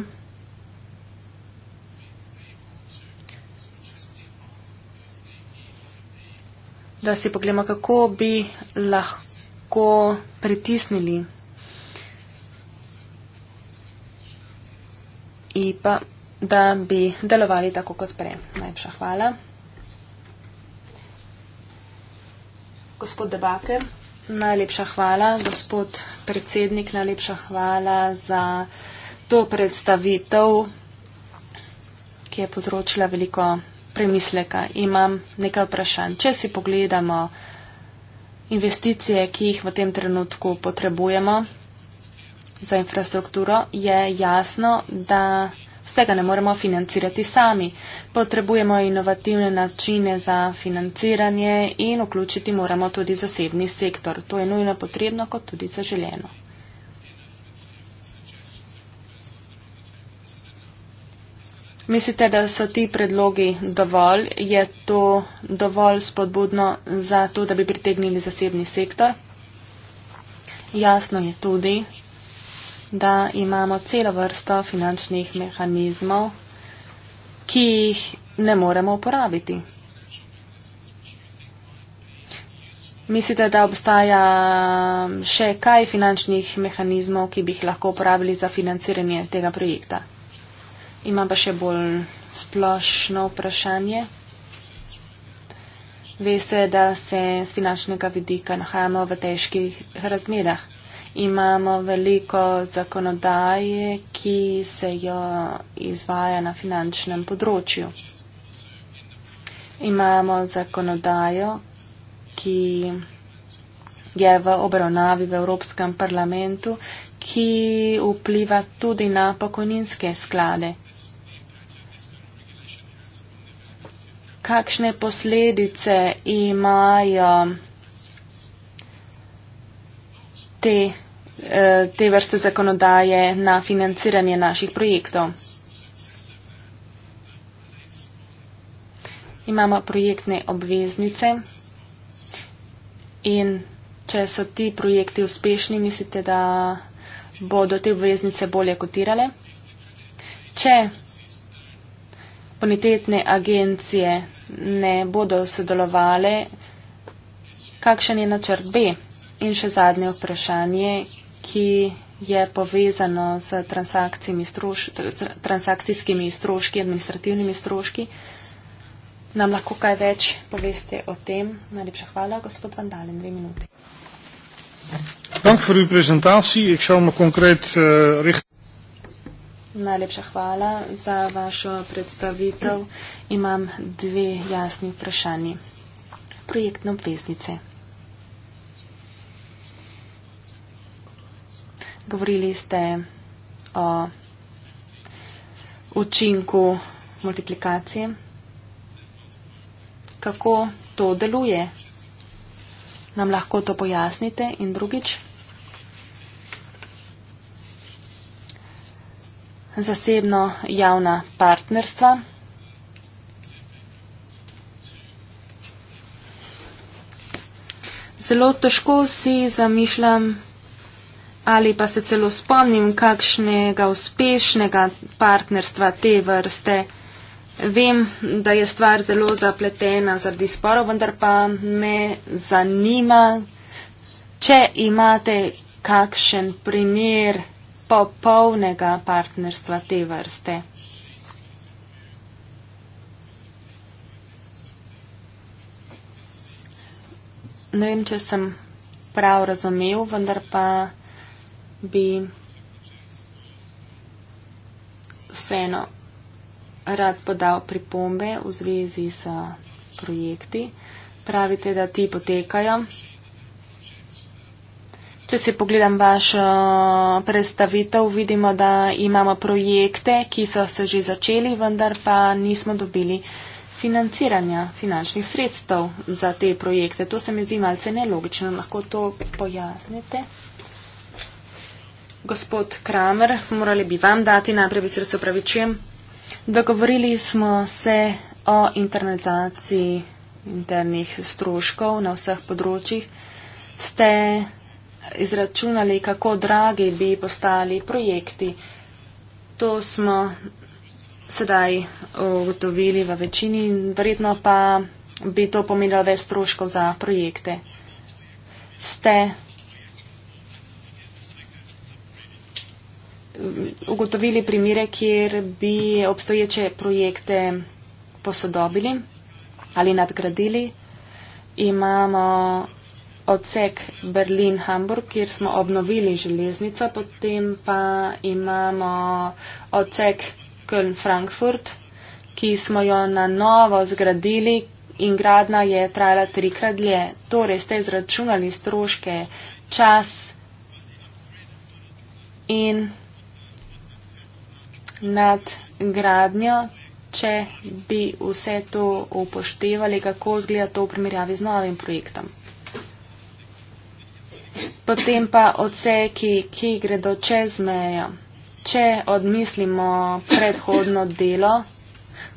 S1: Da si pogledamo, kako bi lahko pritisnili IPA da bi delovali tako kot prej. Najlepša hvala. Gospod Debake. Najlepša hvala, gospod predsednik, najlepša hvala za to predstavitev, ki je povzročila veliko premisleka. Imam nekaj vprašanj. Če si pogledamo investicije, ki jih v tem trenutku potrebujemo za infrastrukturo, je jasno, da vsega ne moremo financirati sami. Potrebujemo inovativne načine za financiranje in vključiti moramo tudi zasebni sektor. To je nujno potrebno, kot tudi zaželjeno. Mislite, da so ti predlogi dovolj? Je to dovolj spodbudno za to, da bi pritegnili zasebni sektor? Jasno je tudi, da imamo celo vrsto finančnih mehanizmov, ki jih ne moremo uporabiti. Mislite, da obstaja še kaj finančnih mehanizmov, ki bi jih lahko uporabili za financiranje tega projekta? Imam pa še bolj splošno vprašanje. Veste, da se z finančnega vidika nahajamo v težkih razmerah imamo veliko zakonodaje, ki se jo izvaja na finančnem področju. Imamo zakonodajo, ki je v obravnavi v Evropskem parlamentu, ki vpliva tudi na pokojninske sklade. Kakšne posledice imajo te Eh, te vrste zakonodaje na financiranje naših projektov. Imamo projektne obveznice in če so ti projekti uspešni, mislite, da bodo te obveznice bolje kotirale. Če bonitetne agencije ne bodo sodelovale, kakšen je načrt B? In še zadnje vprašanje, ki je povezano z stroš, transakcijskimi stroški, administrativnimi stroški. Nam lahko kaj več poveste o tem? Najlepša hvala, gospod Vandalen, dve minuti.
S2: Dank voor uw presentatie. Ik zal me concreet
S1: uh, richten. Najlepša hvala za vašo predstavitev. Imam dve jasni vprašanji. Projektne obveznice. govorili ste o učinku multiplikacije. Kako to deluje? Nam lahko to pojasnite in drugič? Zasebno javna partnerstva. Zelo težko si zamišljam ali pa se celo spomnim kakšnega uspešnega partnerstva te vrste. Vem, da je stvar zelo zapletena zaradi sporov, vendar pa me zanima, če imate kakšen primer popolnega partnerstva te vrste. Ne vem, če sem prav razumev, vendar pa bi vseeno rad podal pripombe v zvezi s projekti. Pravite, da ti potekajo. Če si pogledam vašo predstavitev, vidimo, da imamo projekte, ki so se že začeli, vendar pa nismo dobili financiranja finančnih sredstev za te projekte. To se mi zdi malce nelogično. Lahko to pojasnite? gospod Kramer, morali bi vam dati najprej besed, se upravičujem. Dogovorili smo se o internalizaciji internih stroškov na vseh področjih. Ste izračunali, kako dragi bi postali projekti. To smo sedaj ugotovili v večini in verjetno pa bi to pomenilo več stroškov za projekte. Ste ugotovili primere, kjer bi obstoječe projekte posodobili ali nadgradili. Imamo odsek Berlin-Hamburg, kjer smo obnovili železnico, potem pa imamo odsek Köln-Frankfurt, ki smo jo na novo zgradili in gradna je trajala trikrat dlje. Torej ste izračunali stroške, čas in nad gradnjo, če bi vse to upoštevali, kako zgleda to v primerjavi z novim projektom. Potem pa odseki, ki gredo čez mejo. Če odmislimo predhodno delo,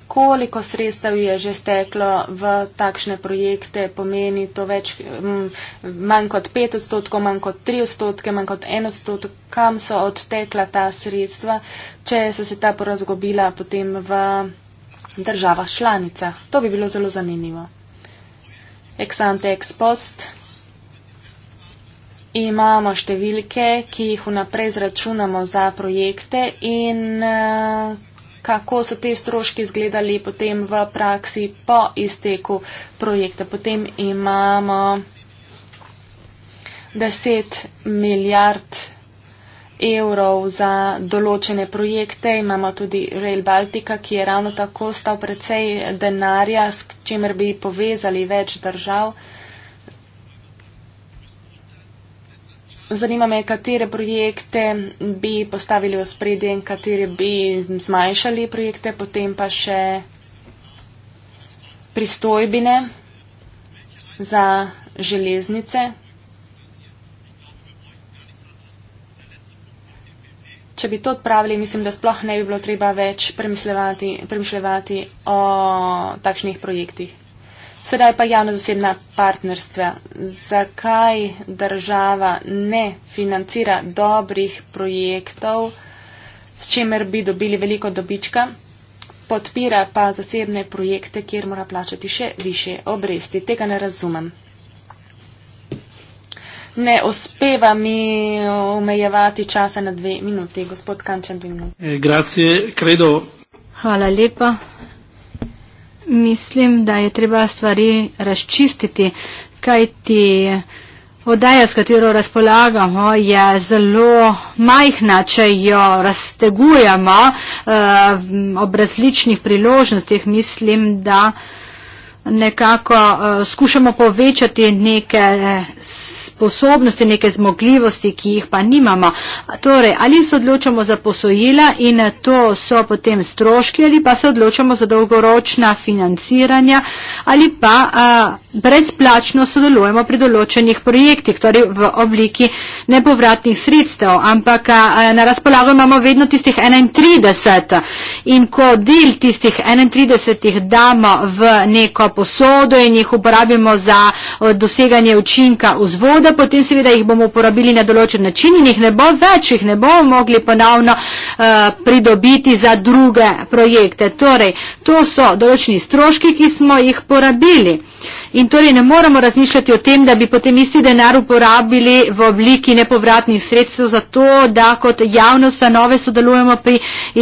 S1: koliko sredstev je že steklo v takšne projekte, pomeni to več, mm, manj kot 5 odstotkov, manj kot 3 odstotke, manj kot 1 odstotek, kam so odtekla ta sredstva, če so se ta porazgobila potem v državah članica. To bi bilo zelo zanimivo. Exante ex post. Imamo številke, ki jih vnaprej zračunamo za projekte in uh, kako so ti stroški izgledali potem v praksi po izteku projekta. Potem imamo 10 milijard evrov za določene projekte. Imamo tudi Rail Baltica, ki je ravno tako stal precej denarja, s čimer bi povezali več držav. Uh, Zanima me, katere projekte bi postavili v spredje in katere bi zmanjšali projekte, potem pa še pristojbine za železnice. Če bi to odpravili, mislim, da sploh ne bi bilo treba več premišljevati o takšnih projektih. Sedaj pa javno-zasebna partnerstva. Zakaj država ne financira dobrih projektov, s čimer bi dobili veliko dobička, podpira pa zasebne projekte, kjer mora plačati še više obresti? Tega ne razumem. Ne uspeva mi omejevati časa na dve minuti. Gospod Kančan, dve minuti.
S2: Eh, grazie, credo.
S1: Hvala lepa
S3: mislim, da je treba stvari razčistiti, kaj ti vodaja, s katero razpolagamo, je zelo majhna, če jo raztegujemo uh, ob različnih priložnostih. Mislim, da uh, nekako uh, skušamo povečati neke eh, sposobnosti, neke zmogljivosti, ki jih pa nimamo. Torej, ali se odločamo za posojila in eh, to so potem stroški ali pa se odločamo za dolgoročna financiranja ali pa uh, brezplačno sodelujemo pri določenih projektih, torej v obliki nepovratnih sredstev, ampak uh, na razpolago imamo vedno tistih 31 in ko del tistih 31 damo v neko posojilo, posodo in jih uporabimo za eh, doseganje učinka v zvodo, potem seveda jih bomo uporabili na določen način in jih ne bo več, jih ne bomo mogli ponovno eh, pridobiti za druge projekte. Torej, to so določni stroški, ki smo jih porabili. In torej ne moramo razmišljati o tem, da bi potem isti denar uporabili v obliki nepovratnih sredstev za to, da kot javno stanove sodelujemo pri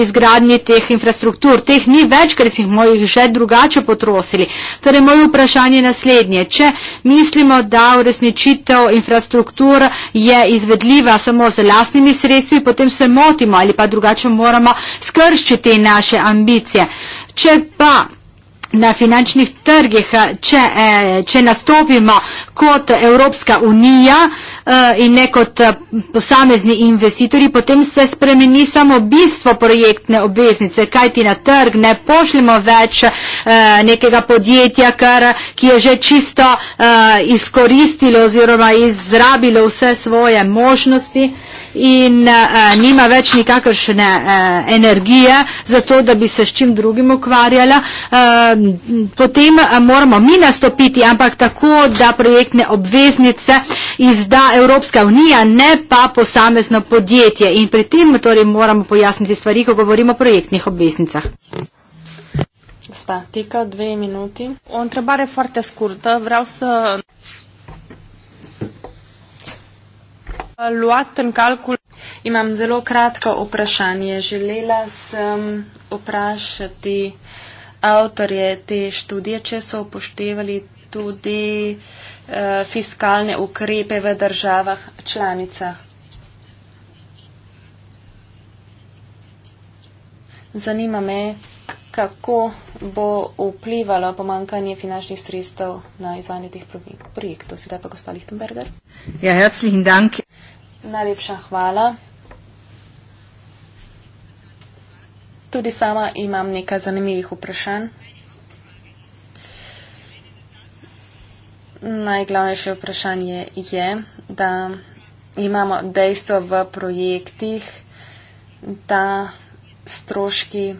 S3: izgradnji teh infrastruktur. Teh ni več, ker si smo jih že drugače potrosili. Torej moje vprašanje je naslednje. Če mislimo, da uresničitev infrastruktur je izvedljiva samo z lastnimi sredstvi, potem se motimo ali pa drugače moramo skrščiti naše ambicije. Če pa na finančnih trgih, če, eh, če nastopimo kot Evropska unija eh, in ne kot eh, posamezni investitorji, potem se spremeni samo bistvo projektne obveznice, kajti na trg ne pošljemo več nekega podjetja, kar, ki je že čisto izkoristilo oziroma izrabilo vse svoje možnosti in uh, nima več nikakršne uh, energije za to, da bi se s čim drugim ukvarjala, uh, potem moramo mi nastopiti, ampak tako, da projektne obveznice izda Evropska unija, ne pa posamezno podjetje. In pri tem torej moramo pojasniti stvari, ko govorimo o projektnih obveznicah.
S1: Gospa, tika dve minuti. On trebare foarte scurtă. Vreau să luat în calcul. Imam zelo kratko vprašanje. Želela sem vprašati avtorje te študije, če so upoštevali tudi uh, fiskalne ukrepe v državah članicah. Zanima me, kako bo vplivalo pomankanje finančnih sredstev na izvajanje teh projektov. Sedaj pa gospod Lichtenberger.
S3: Ja, herzlichen Dank.
S1: Najlepša hvala. Tudi sama imam nekaj zanimivih vprašanj. Najglavnejše vprašanje je, da imamo dejstvo v projektih, da stroški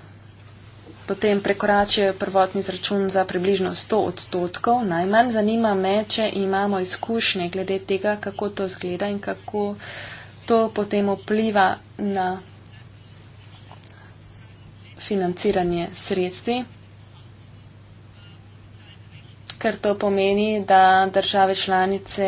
S1: potem prekoračijo prvotni izračun za približno 100 odstotkov. Najmanj zanima me, če imamo izkušnje glede tega, kako to zgleda in kako to potem vpliva na financiranje sredstvi. Ker to pomeni, da države članice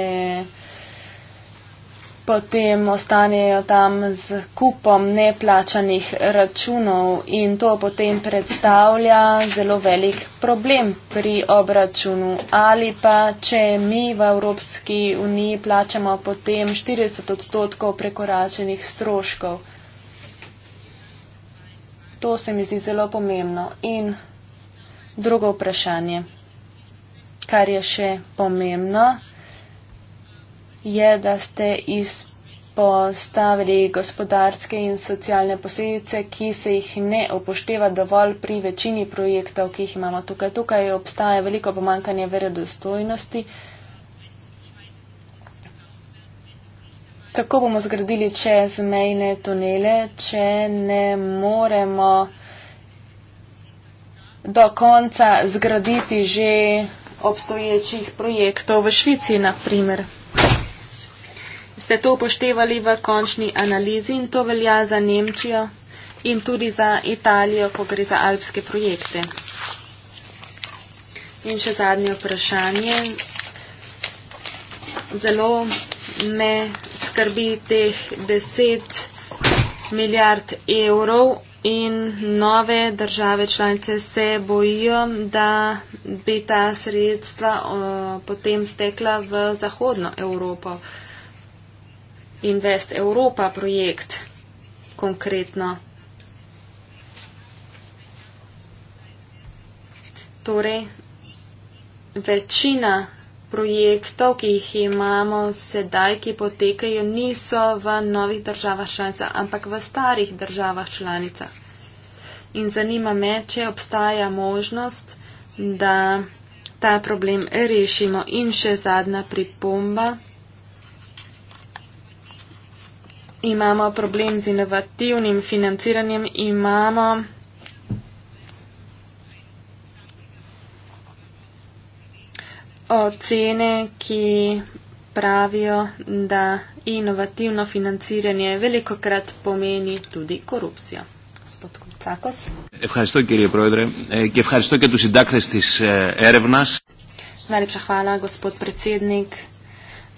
S1: potem ostanejo tam z kupom neplačanih računov in to potem predstavlja zelo velik problem pri obračunu. Ali pa, če mi v Evropski uniji plačamo potem 40 odstotkov prekoračenih stroškov. To se mi zdi zelo pomembno. In drugo vprašanje, kar je še pomembno je, da ste izpostavili gospodarske in socialne posledice, ki se jih ne upošteva dovolj pri večini projektov, ki jih imamo tukaj. Tukaj obstaja veliko pomankanje verodostojnosti. Kako bomo zgradili čezmejne tunele, če ne moremo do konca zgraditi že obstoječih projektov v Švici, na primer ste to upoštevali v končni analizi in to velja za Nemčijo in tudi za Italijo, ko gre za alpske projekte. In še zadnje vprašanje. Zelo me skrbi teh 10 milijard evrov in nove države članice se bojijo, da bi ta sredstva o, eh, potem stekla v zahodno Evropo. Invest Europa projekt konkretno. Torej, večina projektov, ki jih imamo sedaj, ki potekajo, niso v novih državah članicah, ampak v starih državah članicah. In zanima me, če obstaja možnost, da ta problem rešimo. In še zadnja pripomba. imamo problem z inovativnim financiranjem, imamo. Ocene, ki pravijo, da inovativno financiranje veliko krat pomeni tudi korupcijo. Gospod Kucakos. Najlepša hvala, gospod predsednik.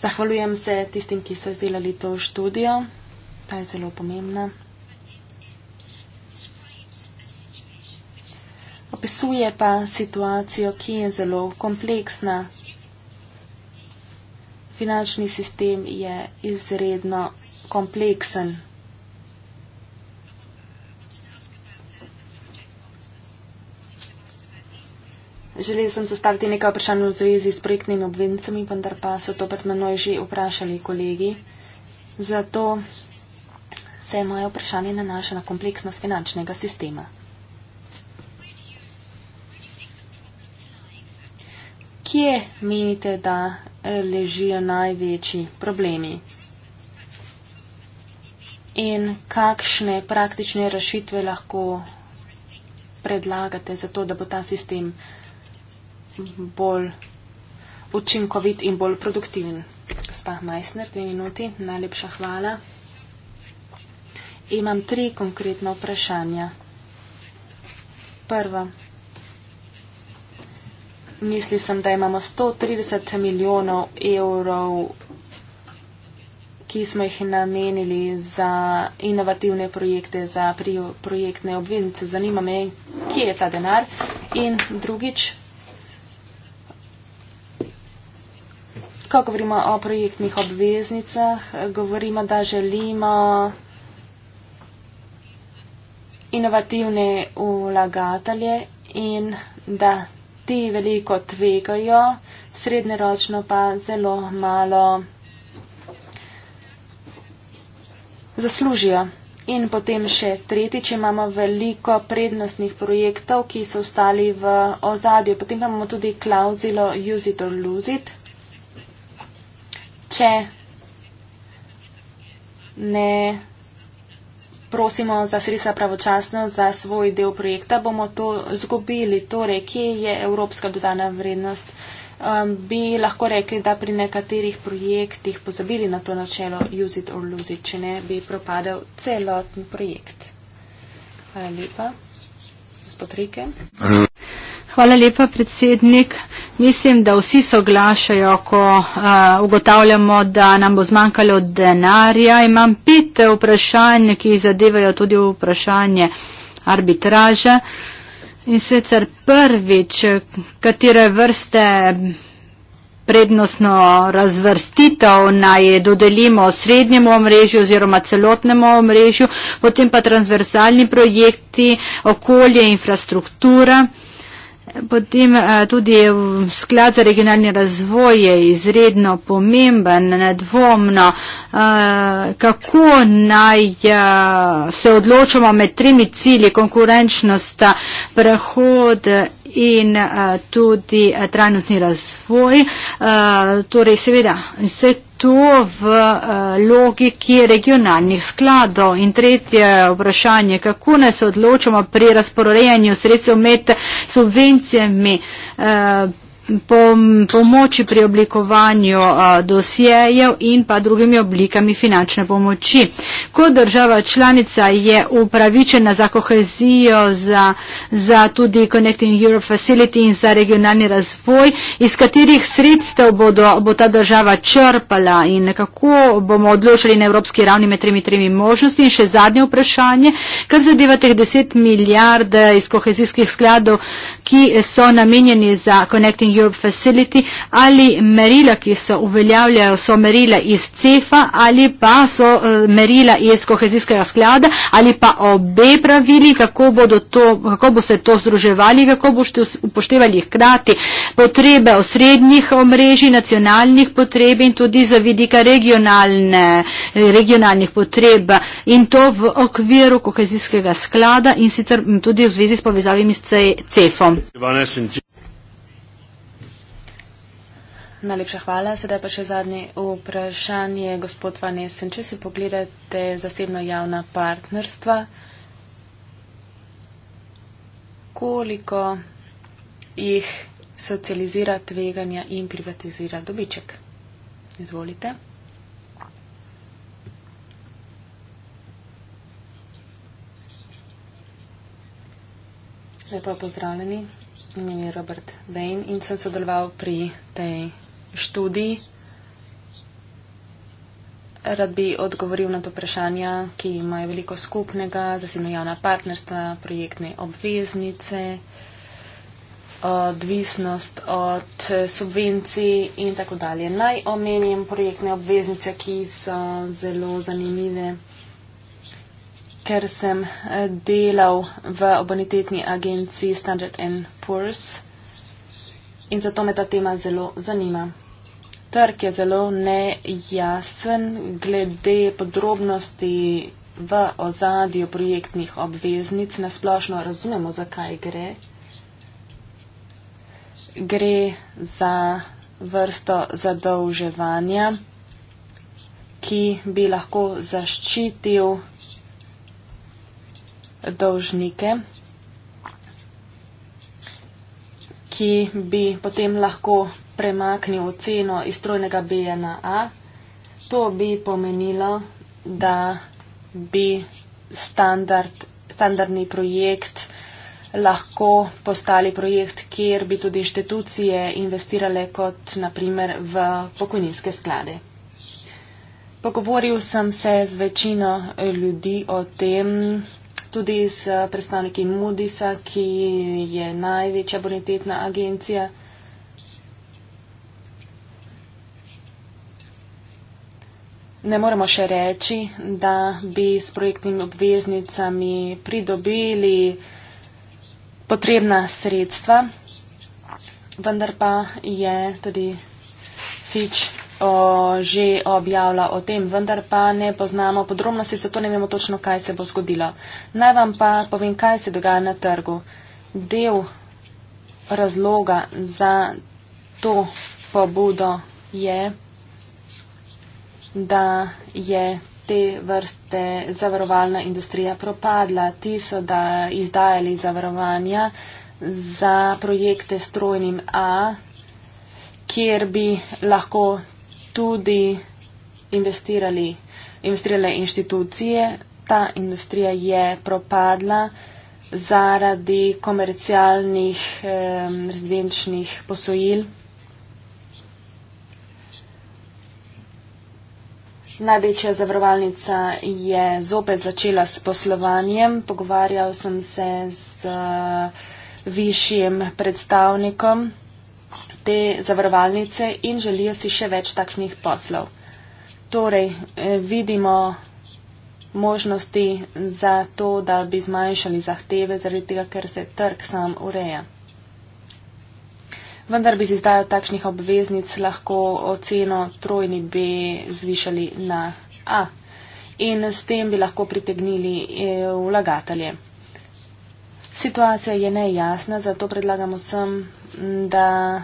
S1: Zahvaljujem se tistim, ki so izdelali to študijo ta je zelo pomembna. Opisuje pa situacijo, ki je zelo kompleksna. Finančni sistem je izredno kompleksen. Želel sem zastaviti nekaj vprašanj v zvezi s projektnimi obvencami, vendar pa so to pred menoj že vprašali kolegi. Zato se moje vprašanje nanaša na kompleksnost finančnega sistema. Kje menite, da eh, ležijo največji problemi? In kakšne praktične rešitve lahko predlagate za to, da bo ta sistem bolj učinkovit in bolj produktiven? Gospa Meissner, dve minuti, najlepša hvala. Imam tri konkretna vprašanja. Prvo. Mislil sem, da imamo 130 milijonov evrov, ki smo jih namenili za inovativne projekte, za projektne obveznice. Zanima me, kje je ta denar. In drugič, ko govorimo o projektnih obveznicah, govorimo, da želimo inovativne vlagatelje in da ti veliko tvegajo, srednjeročno pa zelo malo zaslužijo. In potem še tretjič imamo veliko prednostnih projektov, ki so ostali v ozadju. Potem imamo tudi klauzilo use it or lose it. Če ne prosimo za sredstva pravočasno za svoj del projekta, bomo to zgubili. Torej, kje je evropska dodana vrednost? Um, bi lahko rekli, da pri nekaterih projektih pozabili na to načelo use it or lose it, če ne bi propadel celoten projekt. Hvala lepa. Gospod Rike.
S3: Hvala. Hvala lepa, predsednik. Mislim, da vsi soglašajo, ko uh, ugotavljamo, da nam bo zmanjkalo denarja. Imam pet vprašanj, ki zadevajo tudi vprašanje arbitraže. In sicer prvič, katere vrste prednostno razvrstitev naj dodelimo srednjemu omrežju oziroma celotnemu omrežju, potem pa transversalni projekti, okolje, infrastruktura. Potem eh, tudi sklad za regionalni razvoj je izredno pomemben, nedvomno, eh, kako naj eh, se odločamo med tremi cilji konkurenčnost, prehod in uh, tudi uh, trajnostni razvoj. Uh, torej, seveda, vse to v uh, logiki regionalnih skladov. In tretje vprašanje, kako ne se odločamo pri razporejanju sredstev med subvencijami. Uh, pomoči pri oblikovanju dosjejev in pa drugimi oblikami finančne pomoči. Ko država članica je upravičena za kohezijo, za, za tudi Connecting Europe Facility in za regionalni razvoj, iz katerih sredstev bodo, bo ta država črpala in kako bomo odločili na evropski ravni med tremi tremi možnosti. In še zadnje vprašanje, kar zadeva teh 10 milijard eh, iz kohezijskih skladov, ki so namenjeni za Connecting Europe. Europe Facility ali merila, ki se uveljavljajo, so merila iz CEFA ali pa so eh, merila iz kohezijskega sklada ali pa obe pravili, kako, to, kako boste to združevali, kako boste upoštevali hkrati potrebe osrednjih omrežij, nacionalnih potreb in tudi za vidika regionalnih potreb in to v okviru kohezijskega sklada in sicer tudi v zvezi s povezavami s CEFom. 12.
S1: Najlepša hvala. Sedaj pa še zadnje vprašanje, gospod Vanesen. Če si pogledate zasebno-javna partnerstva, koliko jih socializira tveganja in privatizira dobiček? Izvolite. Lepo pozdravljeni. Meni je Robert Dejn in sem sodeloval pri tej študij, rad bi odgovoril na to vprašanje, ki imajo veliko skupnega, zasinojena partnerstva, projektne obveznice, odvisnost od subvencij in tako dalje. Naj omenim projektne obveznice, ki so zelo zanimive, ker sem delal v obonitetni agenciji Standard Poor's in zato me ta tema zelo zanima trg je zelo nejasen glede podrobnosti v ozadju projektnih obveznic. Na splošno razumemo, zakaj gre. Gre za vrsto zadolževanja, ki bi lahko zaščitil dolžnike, ki bi potem lahko premaknil oceno iz strojnega B na A, to bi pomenilo, da bi standard, standardni projekt lahko postali projekt, kjer bi tudi inštitucije investirale kot naprimer v pokojninske sklade. Pogovoril sem se z večino ljudi o tem, tudi s predstavniki Moodisa, ki je največja bonitetna agencija. Ne moremo še reči, da bi s projektnimi obveznicami pridobili potrebna sredstva, vendar pa je tudi Fitch o, že objavila o tem, vendar pa ne poznamo podrobnosti, zato ne vemo točno, kaj se bo zgodilo. Naj vam pa povem, kaj se dogaja na trgu. Del razloga za to pobudo je, da je te vrste zavarovalna industrija propadla. Ti so da izdajali zavarovanja za projekte s trojnim A, kjer bi lahko tudi investirali, investirale inštitucije. Ta industrija je propadla zaradi komercialnih eh, rezidenčnih posojil. Največja zavarovalnica je zopet začela s poslovanjem. Pogovarjal sem se z uh, višjim predstavnikom te zavarovalnice in želijo si še več takšnih poslov. Torej, eh, vidimo možnosti za to, da bi zmanjšali zahteve, zaradi tega, ker se trg sam ureja vendar bi z izdajo takšnih obveznic lahko oceno trojni B zvišali na A in s tem bi lahko pritegnili e, vlagatelje. Situacija je nejasna, zato predlagamo vsem, da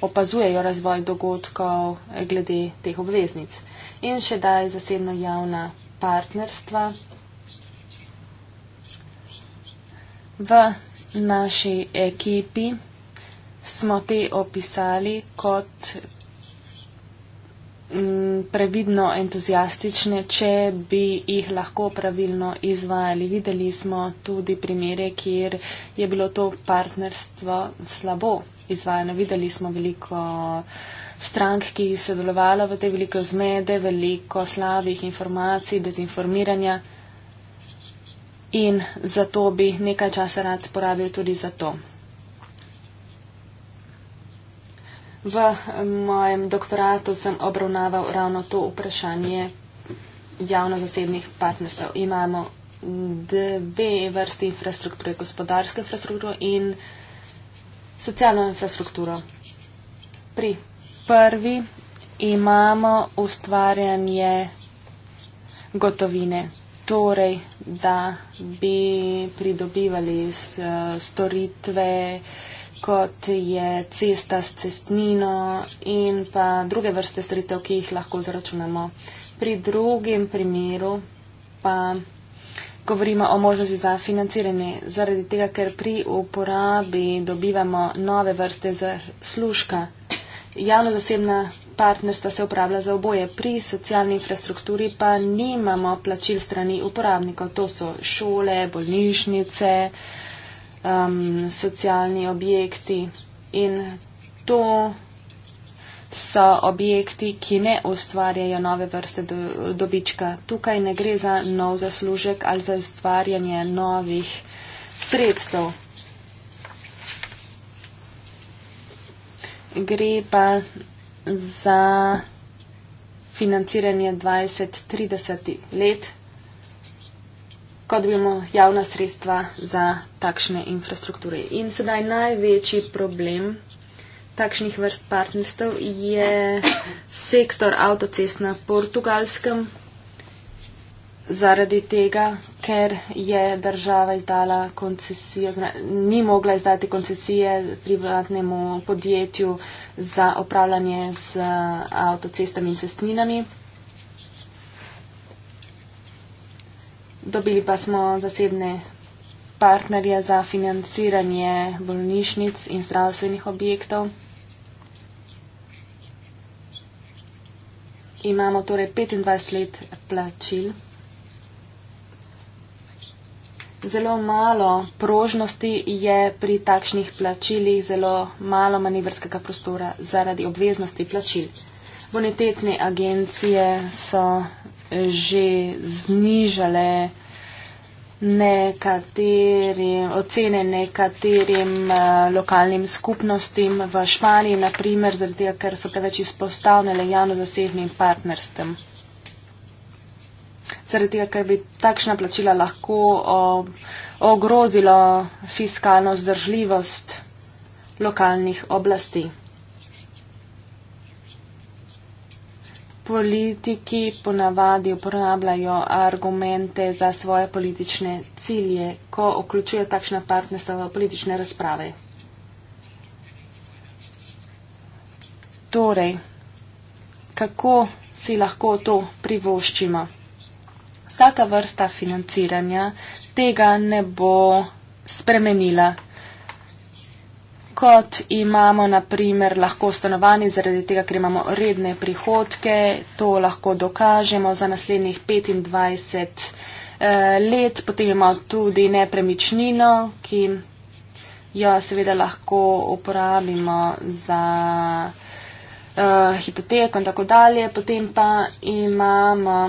S1: opazujejo razvoj dogodkov e, glede teh obveznic. In še daj zasebno javna partnerstva v naši ekipi smo te opisali kot mm, previdno entuzijastične, če bi jih lahko pravilno izvajali. Videli smo tudi primere, kjer je bilo to partnerstvo slabo izvajano. Videli smo veliko strank, ki je sodelovala v te veliko zmede, veliko slabih informacij, dezinformiranja in zato bi nekaj časa rad porabil tudi za to. V eh, mojem doktoratu sem obravnaval ravno to vprašanje javno-zasebnih partnerstv. Imamo dve vrsti infrastrukture, gospodarsko infrastrukturo in socialno infrastrukturo. Pri prvi imamo ustvarjanje gotovine, torej da bi pridobivali eh, storitve, kot je cesta s cestnino in pa druge vrste storitev, ki jih lahko zaračunamo. Pri drugem primeru pa govorimo o možnosti za financiranje, zaradi tega, ker pri uporabi dobivamo nove vrste služka. Javno-zasebna partnerstva se uporablja za oboje, pri socialni infrastrukturi pa nimamo plačil strani uporabnikov, to so šole, bolnišnice, um, socialni objekti in to so objekti, ki ne ustvarjajo nove vrste do, dobička. Tukaj ne gre za nov zaslužek ali za ustvarjanje novih sredstev. Gre pa za financiranje 20-30 let ko dobimo javna sredstva za takšne infrastrukture. In sedaj največji problem takšnih vrst partnerstv je sektor avtocest na portugalskem. Zaradi tega, ker je država izdala koncesijo, zna, ni mogla izdati koncesije privatnemu podjetju za opravljanje z avtocestami in cestninami. dobili pa smo zasebne partnerje za financiranje bolnišnic in zdravstvenih objektov. Imamo torej 25 let plačil. Zelo malo prožnosti je pri takšnih plačilih, zelo malo manevrskega prostora zaradi obveznosti plačil. Bonitetne agencije so že znižale nekaterim, ocene nekaterim uh, lokalnim skupnostim v Španiji, naprimer, zaradi tega, ker so preveč izpostavljene javno-zasebnim partnerstvom. Zaradi tega, ker bi takšna plačila lahko eh, ogrozilo fiskalno vzdržljivost lokalnih oblasti. politiki ponavadi uporabljajo argumente za svoje politične cilje, ko vključijo takšna partnerstva v politične razprave. Torej, kako si lahko to privoščimo? Vsaka vrsta financiranja tega ne bo spremenila kot imamo naprimer lahko stanovanje zaradi tega, ker imamo redne prihodke, to lahko dokažemo za naslednjih 25 eh, let, potem imamo tudi nepremičnino, ki jo seveda lahko uporabimo za uh, hipoteko in tako dalje, potem pa imamo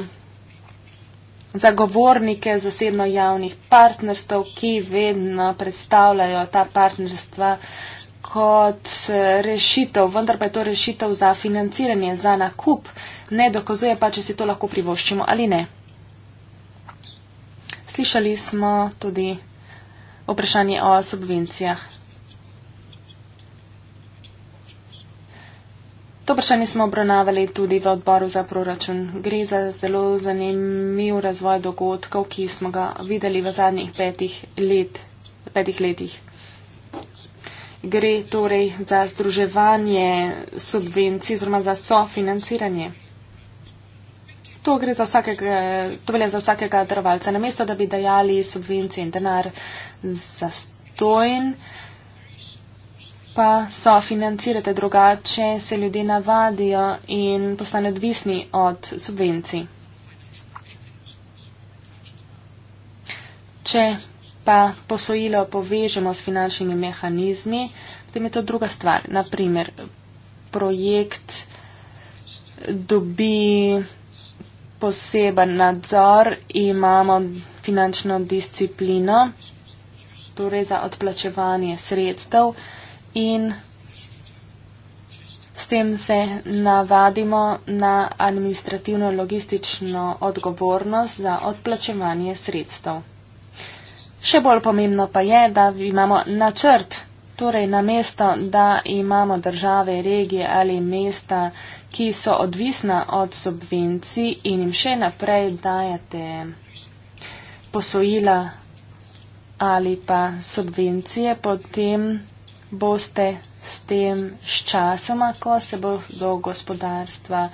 S1: zagovornike zasebno javnih partnerstv, ki vedno predstavljajo ta partnerstva uh, kot eh, rešitev, vendar pa je to rešitev za financiranje, za nakup, ne dokazuje pa, če si to lahko privoščimo ali ne. Slišali smo tudi vprašanje o subvencijah. To vprašanje smo obravnavali tudi v odboru za proračun. Gre za zelo zanimiv razvoj dogodkov, ki smo ga videli v zadnjih petih, let, petih letih gre torej za združevanje subvencij oziroma za sofinanciranje. To, za vsakega, to velja za vsakega darovalca. Namesto, da bi dajali subvencije in denar za stojn, pa sofinancirate drugače, se ljudje navadijo in postane odvisni od subvencij. Če pa posojilo povežemo s finančnimi mehanizmi, potem je to druga stvar. Naprimer, projekt dobi poseben nadzor, imamo finančno disciplino, torej za odplačevanje sredstev in s tem se navadimo na administrativno-logistično odgovornost za odplačevanje sredstev. Še bolj pomembno pa je, da imamo načrt, torej na mesto, da imamo države, regije ali mesta, ki so odvisna od subvencij in jim še naprej dajete posojila ali pa subvencije, potem boste s tem s časoma, ko se bo do gospodarstva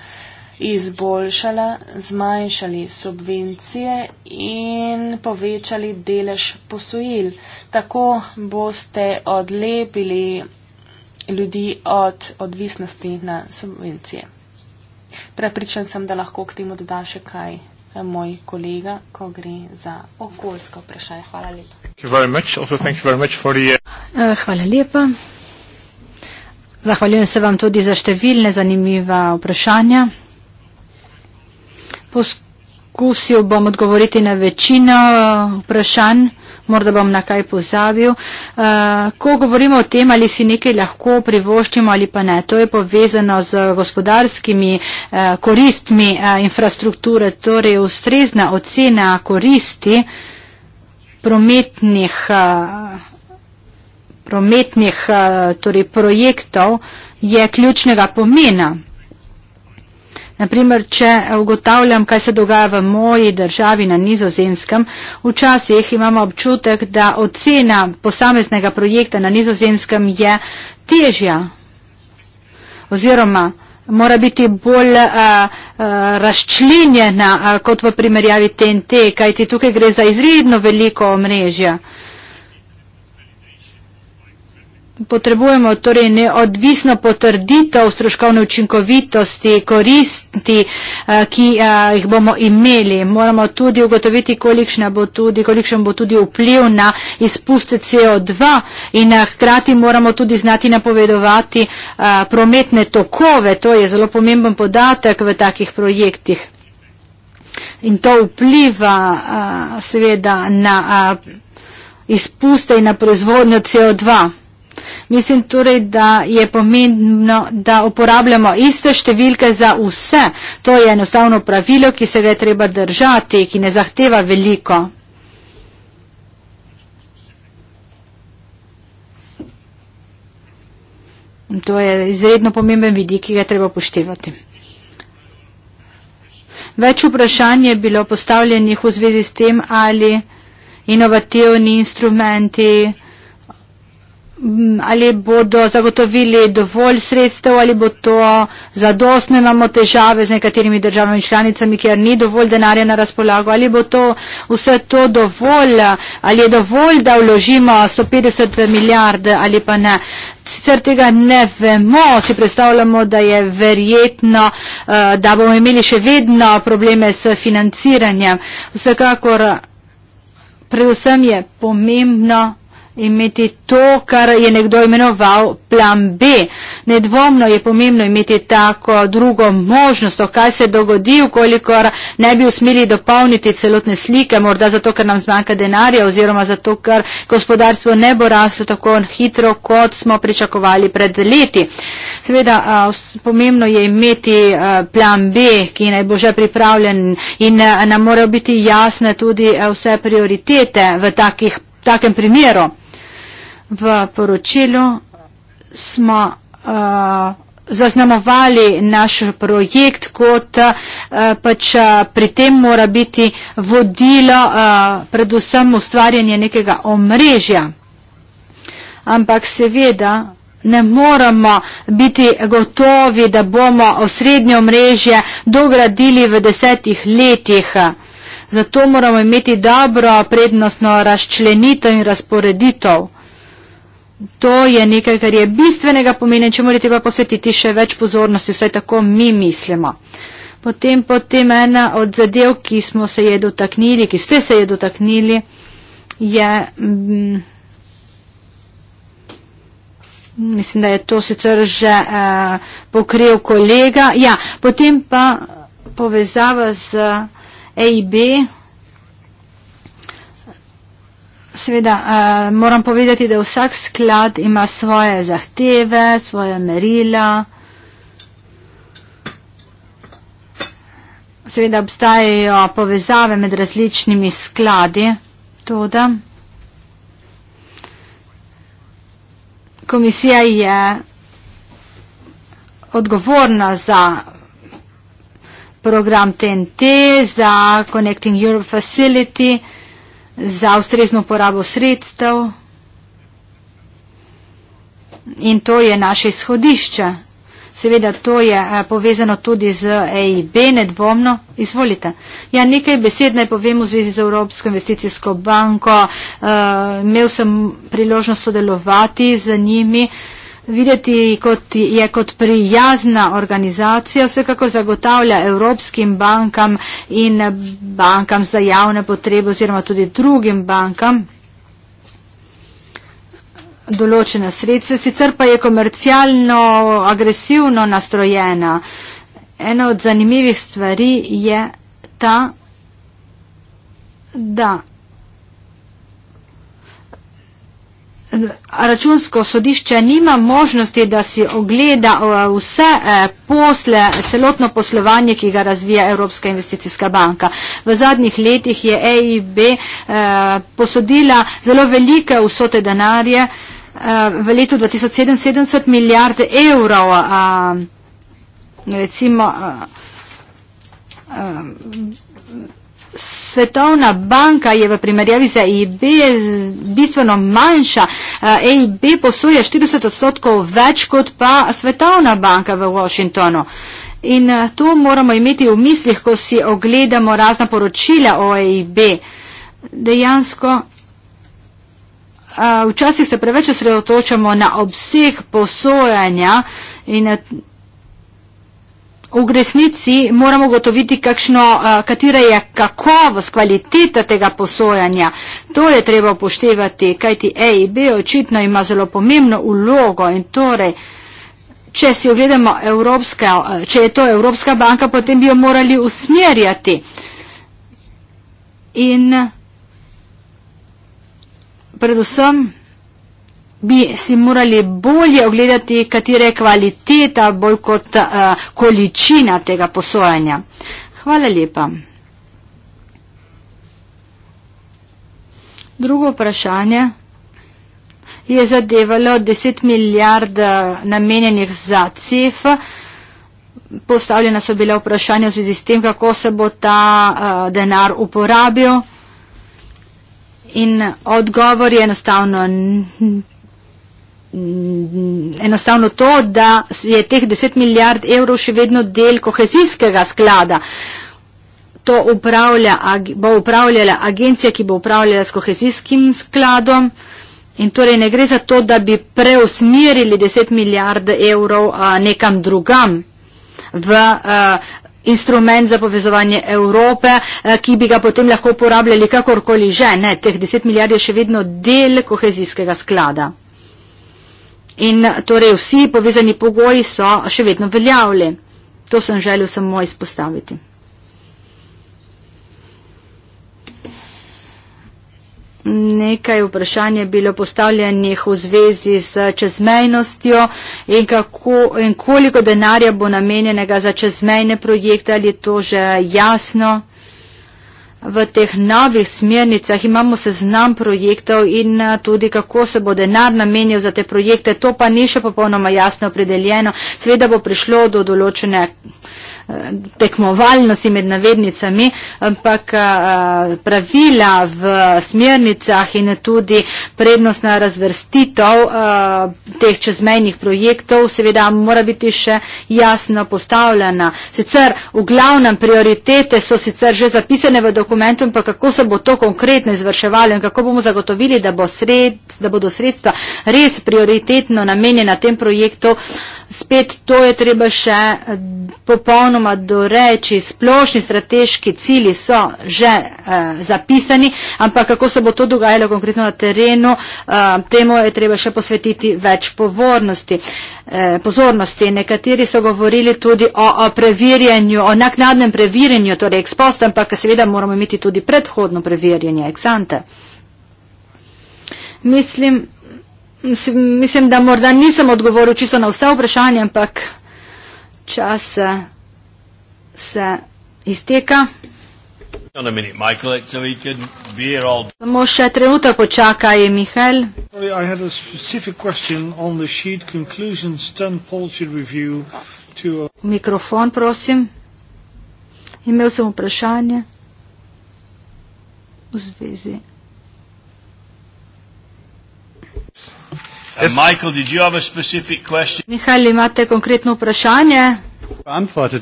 S1: izboljšala, zmanjšali subvencije in povečali delež posojil. Tako boste odlepili ljudi od odvisnosti na subvencije. Prepričan sem, da lahko k temu doda še kaj eh, moj kolega, ko gre za okoljsko vprašanje.
S3: Hvala lepa. Eh, hvala lepa. Zahvaljujem se vam tudi za številne zanimiva vprašanja poskusil bom odgovoriti na večino eh, vprašanj, morda bom na kaj pozabil. Eh, ko govorimo o tem, ali si nekaj lahko privoščimo ali pa ne, to je povezano z gospodarskimi eh, koristmi infrastrukture, torej ustrezna ocena koristi prometnih prometnih torej projektov je ključnega pomena. Naprimer, če ugotavljam, kaj se dogaja v moji državi na nizozemskem, včasih imamo občutek, da ocena posameznega projekta na nizozemskem je težja oziroma mora biti bolj uh, eh, uh, eh, razčlinjena uh, eh, kot v primerjavi TNT, kajti tukaj gre za izredno veliko omrežje. Uh, potrebujemo torej neodvisno potrditev stroškovne učinkovitosti, koristi, eh, ki eh, jih bomo imeli. Moramo tudi ugotoviti, kolikšen bo tudi vpliv na izpuste CO2 in eh, hkrati moramo tudi znati napovedovati prometne tokove. To je zelo pomemben podatek v takih projektih. In to vpliva seveda na izpuste in na proizvodnjo CO2. Mislim torej, da je pomembno, da uporabljamo iste številke za vse. To je enostavno pravilo, ki se ga je treba držati, ki ne zahteva veliko. To je izredno pomemben vidik, ki ga je treba poštevati. Več vprašanj je bilo postavljenih v zvezi s tem, ali inovativni instrumenti, Mm, ali bodo zagotovili dovolj sredstev, ali bo to zadostno, imamo težave z nekaterimi državami članicami, kjer ni dovolj denarja na razpolago, ali bo to vse to dovolj, ali je dovolj, da vložimo 150 milijard ali pa ne. Sicer tega ne vemo, si predstavljamo, da je verjetno, eh, da bomo imeli še vedno probleme s financiranjem. Vsekakor, predvsem je pomembno, imeti to, kar je nekdo imenoval plan B. Nedvomno je pomembno imeti tako drugo možnost, o kaj se dogodi, ukolikor ne bi usmili dopolniti celotne slike, morda zato, ker nam zmanjka denarja oziroma zato, ker gospodarstvo ne bo raslo tako hitro, kot smo pričakovali pred leti. Seveda, pomembno je imeti plan B, ki naj bo že pripravljen in nam morajo biti jasne tudi vse prioritete v takih, takem primeru v poročilu smo uh, zaznamovali naš projekt kot uh, pač uh, pri tem mora biti vodilo uh, predvsem ustvarjanje nekega omrežja. Ampak seveda ne moramo biti gotovi, da bomo osrednje omrežje dogradili v desetih letih. Zato moramo imeti dobro prednostno razčlenitev in razporeditev. To je nekaj, kar je bistvenega pomena in če morate pa posvetiti še več pozornosti, vsaj tako mi mislimo. Potem, potem ena od zadev, ki smo se je dotaknili, ki ste se je dotaknili, je, mm, mislim, da je to sicer že eh, pokrel kolega, ja, potem pa povezava z EIB, Seveda, uh, moram povedati, da vsak sklad ima svoje zahteve, svoje merila. Seveda obstajajo povezave med različnimi skladi. Toda. Komisija je odgovorna za program TNT, za Connecting Europe Facility. Uh, za ustrezno uporabo sredstev in to je naše izhodišče. Seveda to je eh, povezano tudi z EIB, nedvomno. Izvolite. Ja, nekaj besed naj povem v zvezi z Evropsko investicijsko banko. E, imel sem priložnost sodelovati z njimi. E, videti kot, je kot prijazna organizacija, vsekako zagotavlja evropskim bankam in bankam za javne potrebe oziroma tudi drugim bankam določena sredstva, sicer pa je komercialno agresivno nastrojena. Ena od zanimivih stvari je ta, da računsko sodišče nima možnosti, da si ogleda uh, vse uh, posle, celotno poslovanje, ki ga razvija Evropska investicijska banka. V zadnjih letih je EIB uh, posodila zelo velike vsote denarje, v letu 2077 milijard evrov, recimo, um, svetovna banka je v primerjavi za EIB bistveno manjša. EIB posuje 40 odstotkov več kot pa svetovna banka v Washingtonu. In to moramo imeti v mislih, ko si ogledamo razna poročila o EIB. Dejansko. Včasih se preveč osredotočamo na obseg posojanja in v resnici moramo gotoviti, kakšno, eh, katera je kakovost, kvaliteta tega posojanja. To je treba upoštevati, kajti EIB očitno ima zelo pomembno ulogo in torej, če si ogledamo Evropska, eh, če je to Evropska banka, potem bi jo morali usmerjati. In predvsem, bi si morali bolje ogledati, katera je kvaliteta bolj kot uh, količina tega posojanja. Hvala lepa. Drugo vprašanje je zadevalo 10 milijard eh, namenjenih za CEF. Postavljena so bila vprašanja v zvezi s tem, kako se bo ta uh, denar uporabil. In odgovor je enostavno Mm, enostavno to, da je teh 10 milijard evrov še vedno del kohezijskega sklada. To upravlja, bo upravljala agencija, ki bo upravljala s kohezijskim skladom. In torej ne gre za to, da bi preusmirili 10 milijard evrov a, nekam drugam v a, instrument za povezovanje Evrope, a, ki bi ga potem lahko uporabljali kakorkoli že. Ne, teh 10 milijard je še vedno del kohezijskega sklada. In torej vsi povezani pogoji so še vedno veljavni. To sem želel samo izpostaviti. Nekaj vprašanj je bilo postavljenih v zvezi s čezmejnostjo in, kako, in koliko denarja bo namenjenega za čezmejne projekte, ali je to že jasno v teh novih smernicah imamo seznam projektov in eh, tudi kako se bo denar namenil za te projekte. To pa ni še popolnoma jasno opredeljeno. Sveda bo prišlo do določene tekmovalnosti med navednicami, ampak eh, pravila v smernicah in tudi prednostna razvrstitev eh, teh čezmejnih projektov seveda mora biti še jasno postavljena. Sicer v glavnem prioritete so sicer že zapisane v dokumentu, ampak kako se bo to konkretno izvrševalo in kako bomo zagotovili, da, bo sred, da bodo sredstva res prioritetno namenjena tem projektom, uh, spet to je treba še eh, popolnoma doreči, splošni strateški cili so že eh, zapisani, ampak kako se bo to dogajalo konkretno na terenu, eh, temu je treba še posvetiti več povornosti. Eh, pozornosti. Nekateri so govorili tudi o, o preverjanju, o naknadnem preverjanju, torej ekspost, ampak seveda moramo imeti tudi predhodno preverjanje eksante. Mislim, mislim, da morda nisem odgovoril čisto na vse vprašanje, ampak čas eh, se izteka. Samo še trenutek počakaj, Mihael. Uh, mikrofon, prosim. Imel sem vprašanje v zvezi.
S1: Michael, did you have a specific question?
S3: Mihajlo, imate konkretno vprašanje?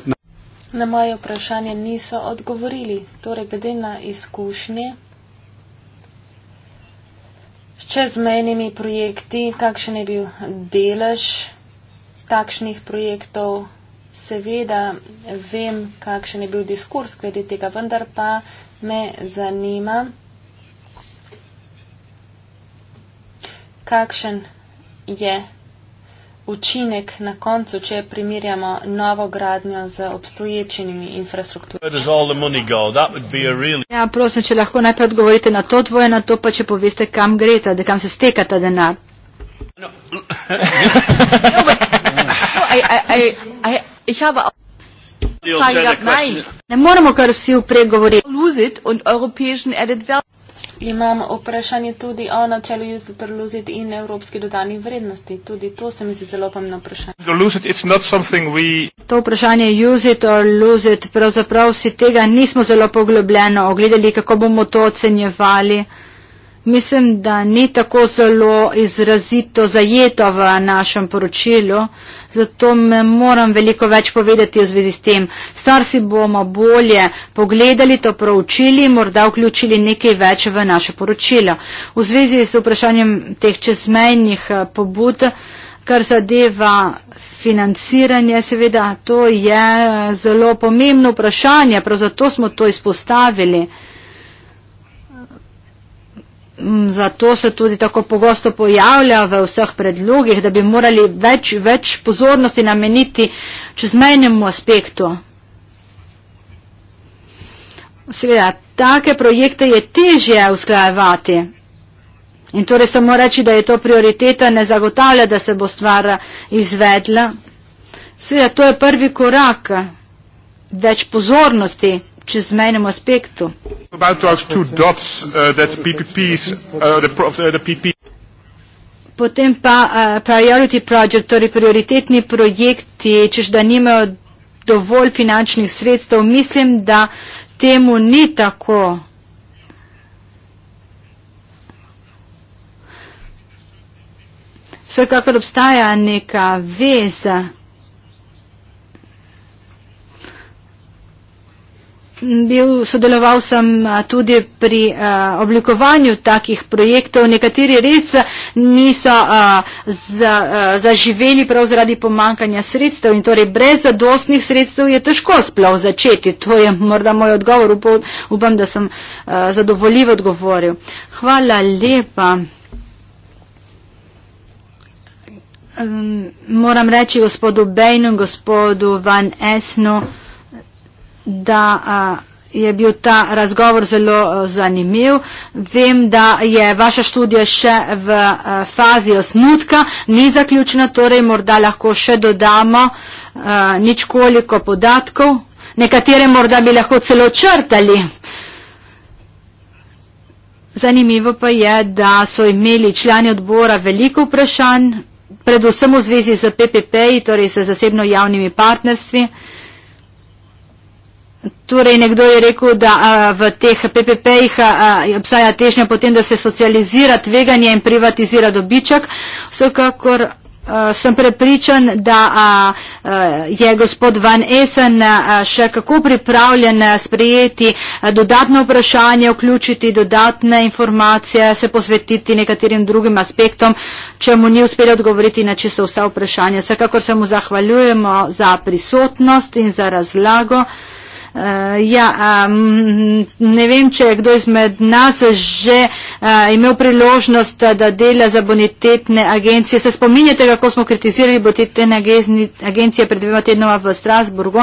S1: No. Na moje vprašanje niso odgovorili. Torej, glede na izkušnje, če z menimi projekti, kakšen je bil delež takšnih projektov, seveda vem, kakšen je bil diskurs glede tega, vendar pa me zanima, kakšen je učinek na koncu, če primerjamo novo gradnjo z obstoječimi infrastrukturami. Really...
S3: Ja, prosim, če lahko najprej odgovorite na to dvoje, na to pa če poveste, kam gre ta, da kam se steka ta denar. No. no ne moremo kar vsi upregovoriti
S1: imam vprašanje tudi o načelu use it or lose it in evropski dodani vrednosti. Tudi to se mi zdi zelo pomembno vprašanje.
S3: It, we... To vprašanje use it or lose it, pravzaprav si tega nismo zelo poglobljeno ogledali, kako bomo to ocenjevali. Mislim, da ni tako zelo izrazito zajeto v našem poročilu, zato me moram veliko več povedati v zvezi s tem. Star si bomo bolje pogledali, to proučili, morda vključili nekaj več v naše poročilo. V zvezi s vprašanjem teh čezmejnih eh, pobud, kar zadeva financiranje, seveda, to je eh, zelo pomembno vprašanje, prav zato smo to izpostavili. Mm, zato se tudi tako pogosto pojavlja v vseh predlogih, da bi morali več, več pozornosti nameniti čezmejnemu aspektu. Seveda, take projekte je težje usklajevati. In torej samo reči, da je to prioriteta, ne zagotavlja, da se bo stvar izvedla. Seveda, to je prvi korak več pozornosti čezmejnem aspektu. Uh, Potem pa uh, priority project, torej prioritetni projekti, češ da nimajo dovolj finančnih sredstev, mislim, da temu ni tako. Vsekakor obstaja neka veza bil, sodeloval sem tudi pri oblikovanju takih projektov. Nekateri res niso zaživeli prav zaradi pomankanja sredstev in torej brez zadostnih sredstev je težko sploh začeti. To je morda moj odgovor. Upam, da sem zadovoljivo odgovoril. Hvala lepa. Moram reči gospodu Bejnu, gospodu Van Esnu da je bil ta razgovor zelo zanimiv. Vem, da je vaša študija še v fazi osnutka, ni zaključena, torej morda lahko še dodamo nič koliko podatkov. Nekatere morda bi lahko celo črtali. Zanimivo pa je, da so imeli člani odbora veliko vprašanj, predvsem v zvezi z PPP, torej z zasebno javnimi partnerstvi. Torej, nekdo je rekel, da a, v teh PPP-jih obstaja težnja potem, da se socializira tveganje in privatizira dobiček. Vsekakor a, sem prepričan, da a, a, je gospod Van Esen a, še kako pripravljen sprejeti a, dodatno vprašanje, vključiti dodatne informacije, se posvetiti nekaterim drugim aspektom, če mu ni uspelo odgovoriti na čisto vsa vprašanja. Vsekakor se mu zahvaljujemo za prisotnost in za razlago. Uh, ja, um, ne vem, če je kdo izmed nas že uh, imel priložnost, eh, da dela za bonitetne agencije. Se spominjate, kako smo kritizirali bonitetne agencije pred dvema tednoma v Strasburgu.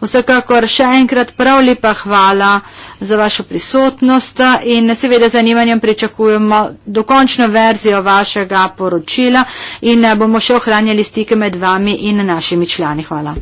S3: Vsekakor še enkrat prav lepa hvala za vašo prisotnost in seveda z zanimanjem pričakujemo dokončno verzijo vašega poročila in bomo še ohranjali stike med vami in našimi člani. Hvala.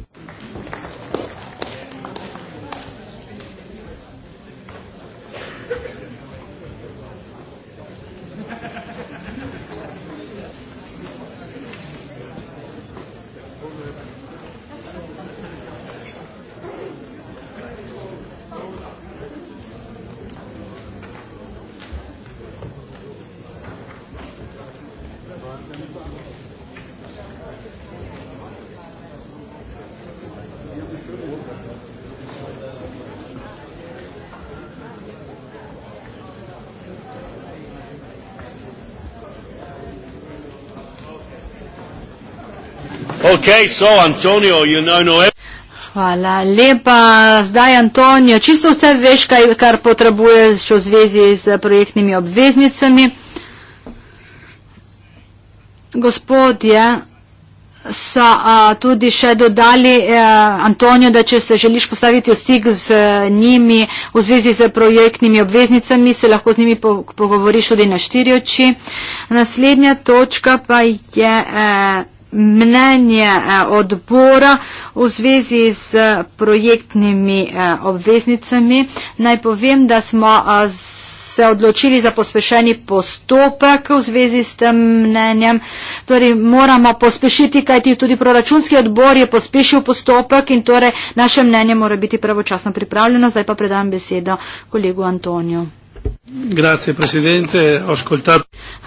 S1: Okay, so Antonio, you know, know
S3: Hvala lepa. Zdaj, Antonijo, čisto vse veš, kaj, kar potrebuješ v zvezi z projektnimi obveznicami. Gospod je so a, tudi še dodali eh, Antonijo, da če se želiš postaviti v stik z eh, njimi v zvezi z projektnimi obveznicami, se lahko z njimi po, pogovoriš tudi na štiri oči. Naslednja točka pa je. Eh, mnenje eh, odbora v zvezi z eh, projektnimi eh, obveznicami. Naj povem, da smo se odločili za pospešeni postopek v zvezi s tem mnenjem. Torej, moramo pospešiti, kajti tudi proračunski odbor je pospešil postopek in torej naše mnenje mora biti pravočasno pripravljeno. Zdaj pa predam besedo kolegu Antoniju.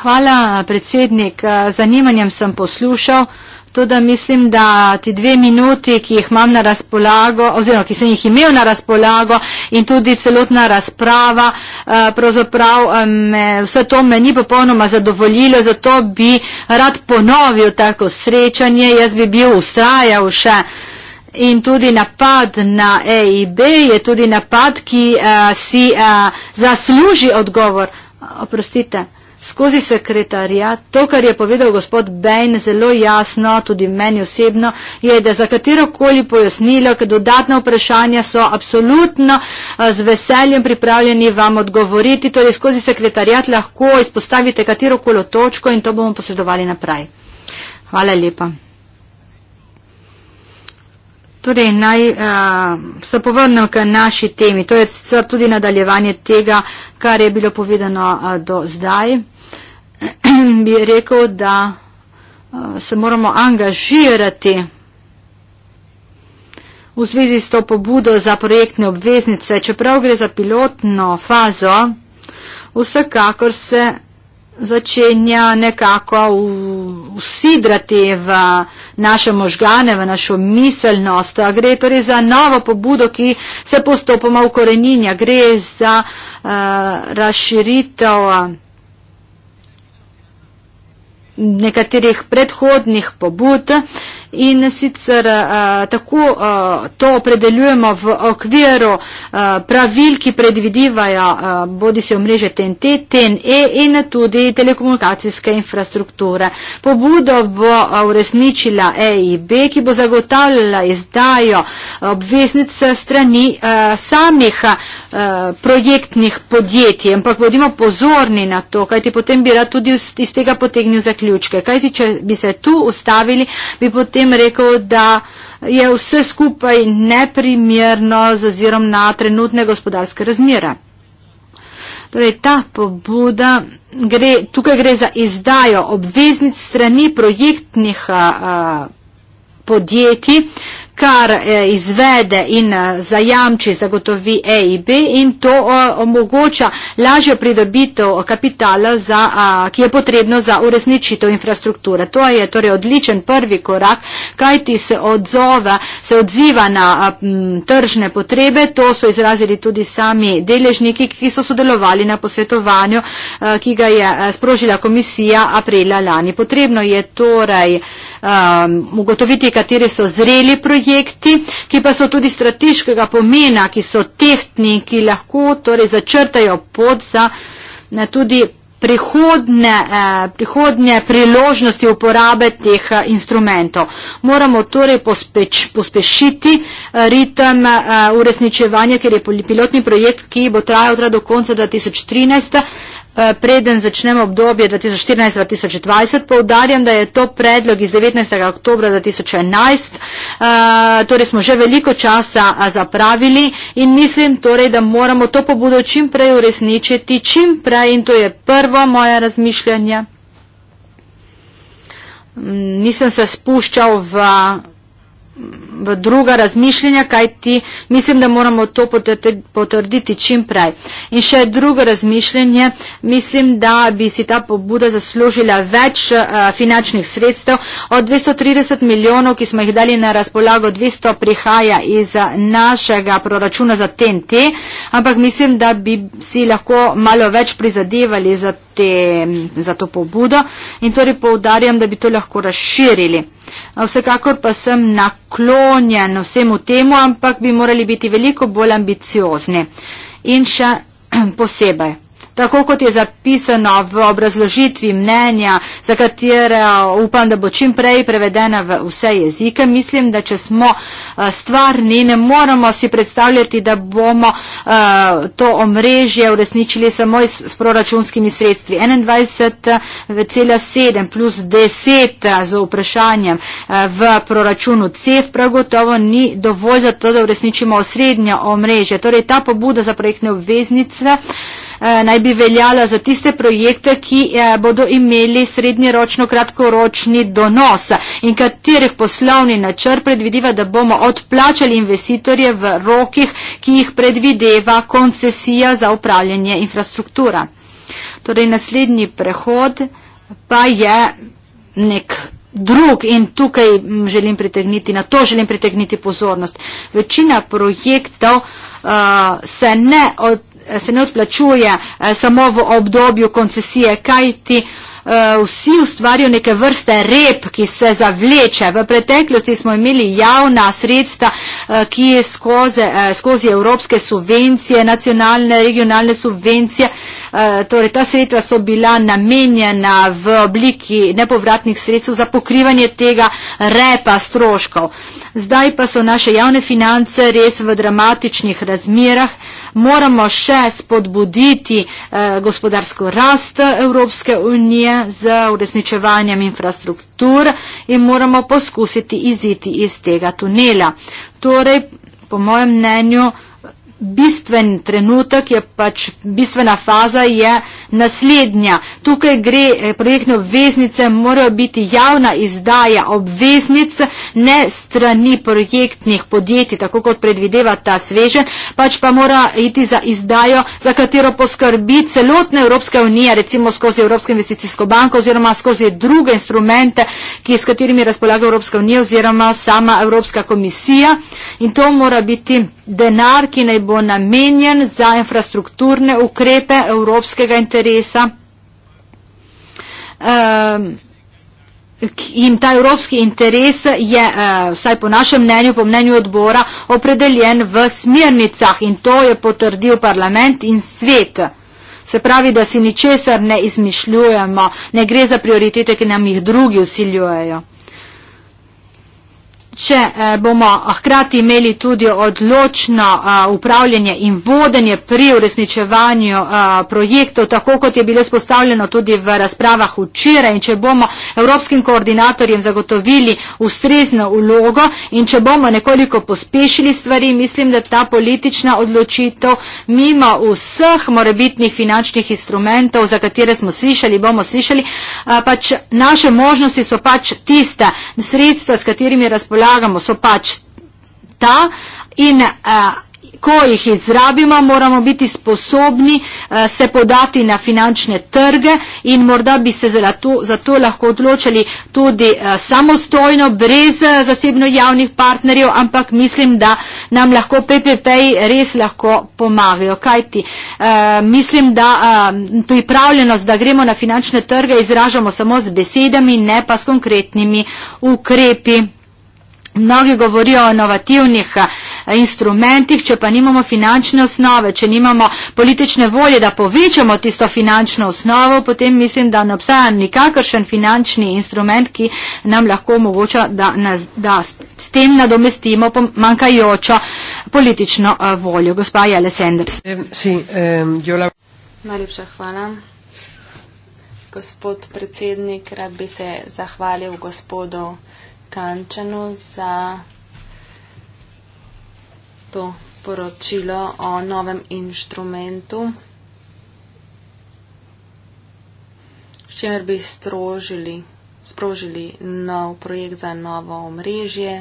S3: Hvala, predsednik. Eh, zanimanjem sem poslušal, tudi mislim, da ti dve minuti, ki jih imam na razpolago, oziroma ki sem jih imel na razpolago in tudi celotna razprava, eh, pravzaprav eh, me, vse to me ni popolnoma zadovoljilo, zato bi rad ponovil tako srečanje, jaz bi bil ustrajal še. In tudi napad na EIB je tudi napad, ki uh, si uh, zasluži odgovor. Oprostite, skozi sekretarja, to, kar je povedal gospod Bejn, zelo jasno, tudi meni osebno, je, da za katerokoli pojasnilo, ker dodatna vprašanja so absolutno eh, z veseljem pripravljeni vam odgovoriti, torej skozi sekretarjat lahko izpostavite katerokolo točko in to bomo posredovali naprej. Hvala lepa. Torej, naj uh, se povrnem k naši temi. To je sicer tudi nadaljevanje tega, kar je bilo povedano uh, do zdaj. Bi rekel, da uh, se moramo angažirati v zvezi s to pobudo za projektne obveznice, čeprav gre za pilotno fazo, vsekakor se začenja nekako usidrati v naše možgane, v našo miselnost. Gre torej za novo pobudo, ki se postopoma ukoreninja. Gre za uh, razširitev eh, nekaterih predhodnih pobud. Uh, In sicer eh, tako eh, to opredeljujemo v okviru eh, pravil, ki predvidivajo bodi se omrežje TNT, TNE in tudi telekomunikacijske infrastrukture. Pobudo bo uresničila EIB, ki bo zagotavljala izdajo obveznic strani samih projektnih podjetij. Ampak bodimo pozorni na to, kajti potem bi rad tudi iz tega potegnil zaključke. Kajti, če bi se tu ustavili, bi potem potem rekel, da je vse skupaj neprimerno z ozirom na trenutne gospodarske razmere. Torej, ta pobuda, gre, tukaj gre za izdajo obveznic strani projektnih a, podjetij, a, kar eh, izvede in eh, zajamči, zagotovi EIB in to eh, omogoča lažjo pridobitev kapitala, za, ki je potrebno za uresničitev infrastrukture. To je torej odličen prvi korak, kaj ti se, odzove, se odziva na tržne potrebe, to so izrazili tudi sami deležniki, ki so sodelovali na posvetovanju, ki ga je sprožila komisija aprila lani. Potrebno je torej um, ugotoviti, kateri so zreli projekti, projekti, ki pa so tudi strateškega pomena, ki so tehtni, ki lahko torej začrtajo pot za ne, eh, tudi prihodne, eh, prihodne priložnosti uporabe teh eh, instrumentov. Moramo torej pospeč, pospešiti eh, ritem eh, uresničevanja, ker je pilotni projekt, ki bo trajal torej do konca 2013. Eh, preden začnemo obdobje 2014-2020. Poudarjam, da je to predlog iz 19. oktobra 2011, eh, torej smo že veliko časa zapravili in mislim torej, da moramo to pobudo čim prej uresničiti, čim prej in to je prvo moje razmišljanje. Nisem se spuščal v v druga razmišljanja, kaj ti mislim, da moramo to potrditi čim prej. In še drugo razmišljanje, mislim, da bi si ta pobuda zaslužila več a, eh, finančnih sredstev. Od 230 milijonov, ki smo jih dali na razpolago, 200 prihaja iz eh, našega proračuna za TNT, ampak mislim, da bi si lahko malo več prizadevali za, te, za to pobudo in torej poudarjam, da bi to lahko razširili. No, vsekakor pa sem naklonjen vsemu temu, ampak bi morali biti veliko bolj ambiciozni. In še posebej tako kot je zapisano v obrazložitvi mnenja, za katero upam, da bo čim prej prevedena v vse jezike. Mislim, da če smo stvarni, ne moramo si predstavljati, da bomo to omrežje uresničili samo s proračunskimi sredstvi. 21,7 plus 10 z vprašanjem v proračunu CEF prav gotovo ni dovolj za to, da uresničimo osrednjo omrežje. Torej, ta pobuda za projektne obveznice. Eh, naj bi veljala za tiste projekte, ki eh, bodo imeli srednjeročno kratkoročni donos in katerih poslovni načrt predvideva, da bomo odplačali investitorje v rokih, ki jih predvideva koncesija za upravljanje infrastruktura. Torej, naslednji prehod pa je nek drug in tukaj mm, želim pritegniti, na to želim pritegniti pozornost. Večina projektov uh, se ne od se ne odplačuje eh, samo v obdobju koncesije, kajti Eh, vsi ustvarijo neke vrste rep, ki se zavleče. V preteklosti smo imeli javna sredstva, eh, ki je skozi, eh, skozi evropske subvencije, nacionalne, regionalne subvencije. Torej, ta sredstva so bila namenjena v obliki nepovratnih sredstev za pokrivanje tega repa stroškov. Zdaj pa so naše javne finance res v dramatičnih razmerah. Moramo še spodbuditi gospodarsko rast Evropske unije Slovenije z uresničevanjem infrastruktur in moramo poskusiti iziti iz tega tunela. Torej, po mojem mnenju, bistven trenutek, je pač bistvena faza je naslednja. Tukaj gre eh, projektne obveznice, morajo biti javna izdaja obveznic, ne strani projektnih podjetij, tako kot predvideva ta sveže, pač pa mora iti za izdajo, za katero poskrbi celotna Evropska unija, recimo skozi Evropsko investicijsko banko oziroma skozi druge instrumente, ki, s katerimi razpolaga Evropska unija oziroma sama Evropska komisija. In to mora biti denar, ki naj bo bo namenjen za infrastrukturne ukrepe evropskega interesa. Um, In ta evropski interes je, eh, vsaj po našem mnenju, po mnenju odbora, opredeljen v smernicah in to je potrdil parlament in svet. Se pravi, da si ničesar ne izmišljujemo, ne gre za prioritete, ki nam jih drugi usiljujejo. Če eh, bomo eh, hkrati imeli tudi odločno eh, upravljanje in vodenje pri uresničevanju projektov, tako kot je bilo spostavljeno tudi v razpravah včeraj, in če bomo evropskim koordinatorjem zagotovili ustrezno ulogo in če bomo nekoliko pospešili stvari, mislim, da ta politična odločitev mimo vseh morebitnih finančnih instrumentov, za katere smo slišali, bomo slišali, pač naše možnosti so pač tiste sredstva, s katerimi razpolagamo, razpolagamo, so pač ta in uh, ko jih izrabimo, moramo biti sposobni uh, se podati na finančne trge in morda bi se za to, za to lahko odločili tudi uh, samostojno, brez uh, zasebno javnih partnerjev, ampak mislim, da nam lahko PPP-ji res lahko pomagajo. Kajti uh, mislim, da uh, pripravljenost, da gremo na finančne trge, izražamo samo z besedami, ne pa s konkretnimi ukrepi. Mnogi govorijo o inovativnih eh, instrumentih, če pa nimamo finančne osnove, če nimamo politične volje, da povečamo tisto finančno osnovo, potem mislim, da ne obstaja nikakršen finančni instrument, ki nam lahko omogoča, da, nas, da s tem nadomestimo pomankajočo politično eh, voljo. Gospa Jale Sanders.
S1: Najlepša hvala. Gospod predsednik, rad bi se zahvalil gospodu. Kančanu za to poročilo o novem inštrumentu, s čimer bi strožili, sprožili nov projekt za novo omrežje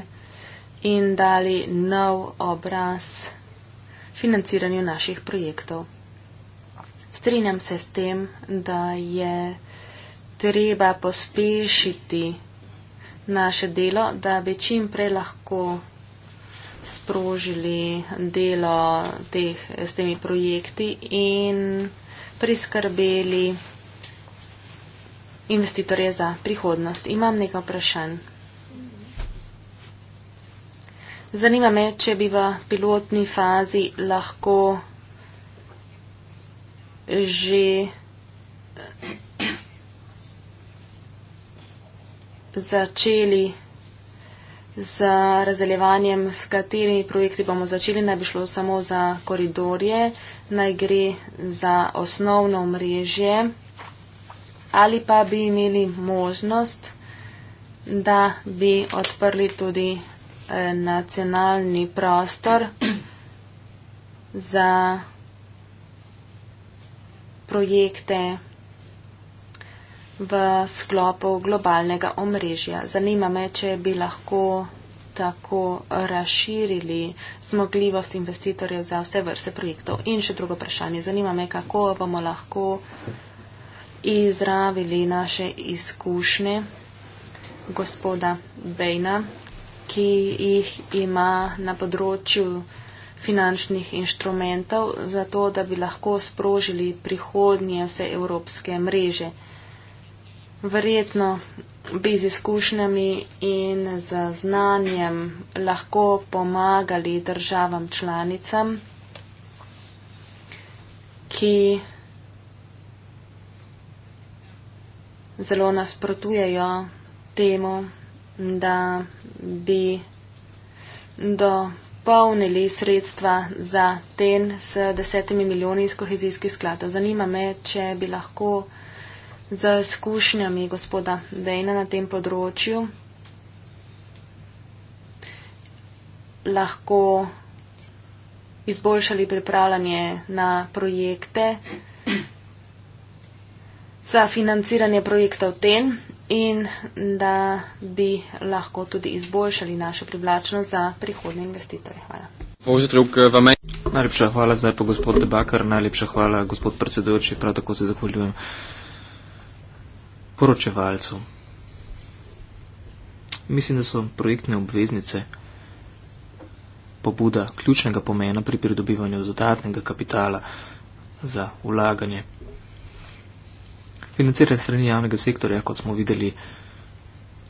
S1: in dali nov obraz financiranju naših projektov. Strinjam se s tem, da je treba pospešiti naše delo, da bi čim prej lahko sprožili delo teh, s temi projekti in priskrbeli investitorje za prihodnost. Imam nekaj vprašanj. Zanima me, če bi v pilotni fazi lahko že začeli z razdeljevanjem, s katerimi projekti bomo začeli. Naj bi šlo samo za koridorje, naj gre za osnovno mrežje ali pa bi imeli možnost, da bi odprli tudi eh, nacionalni prostor za projekte v sklopu globalnega omrežja. Zanima me, če bi lahko tako razširili zmogljivost investitorjev za vse vrste projektov. In še drugo vprašanje. Zanima me, kako bomo lahko izravili naše izkušnje gospoda Bejna, ki jih ima na področju finančnih inštrumentov, zato da bi lahko sprožili prihodnje vse evropske mreže verjetno bi z izkušnjami in z znanjem lahko pomagali državam članicam, ki zelo nasprotujejo temu, da bi dopolnili sredstva za ten s desetimi milijoni iz kohezijskih skladov. Zanima me, če bi lahko z izkušnjami gospoda Dejna na tem področju lahko izboljšali pripravljanje na projekte za financiranje projektov TEN in da bi lahko tudi izboljšali našo privlačnost za prihodne investitorje.
S2: Hvala. Najlepša hvala zdaj pa gospod Debakar, najlepša hvala gospod predsedujoči, prav tako se zahvaljujem poročevalcev. Mislim, da so projektne obveznice pobuda ključnega pomena pri pridobivanju dodatnega kapitala za ulaganje. Financiranje strani javnega sektorja, kot smo videli,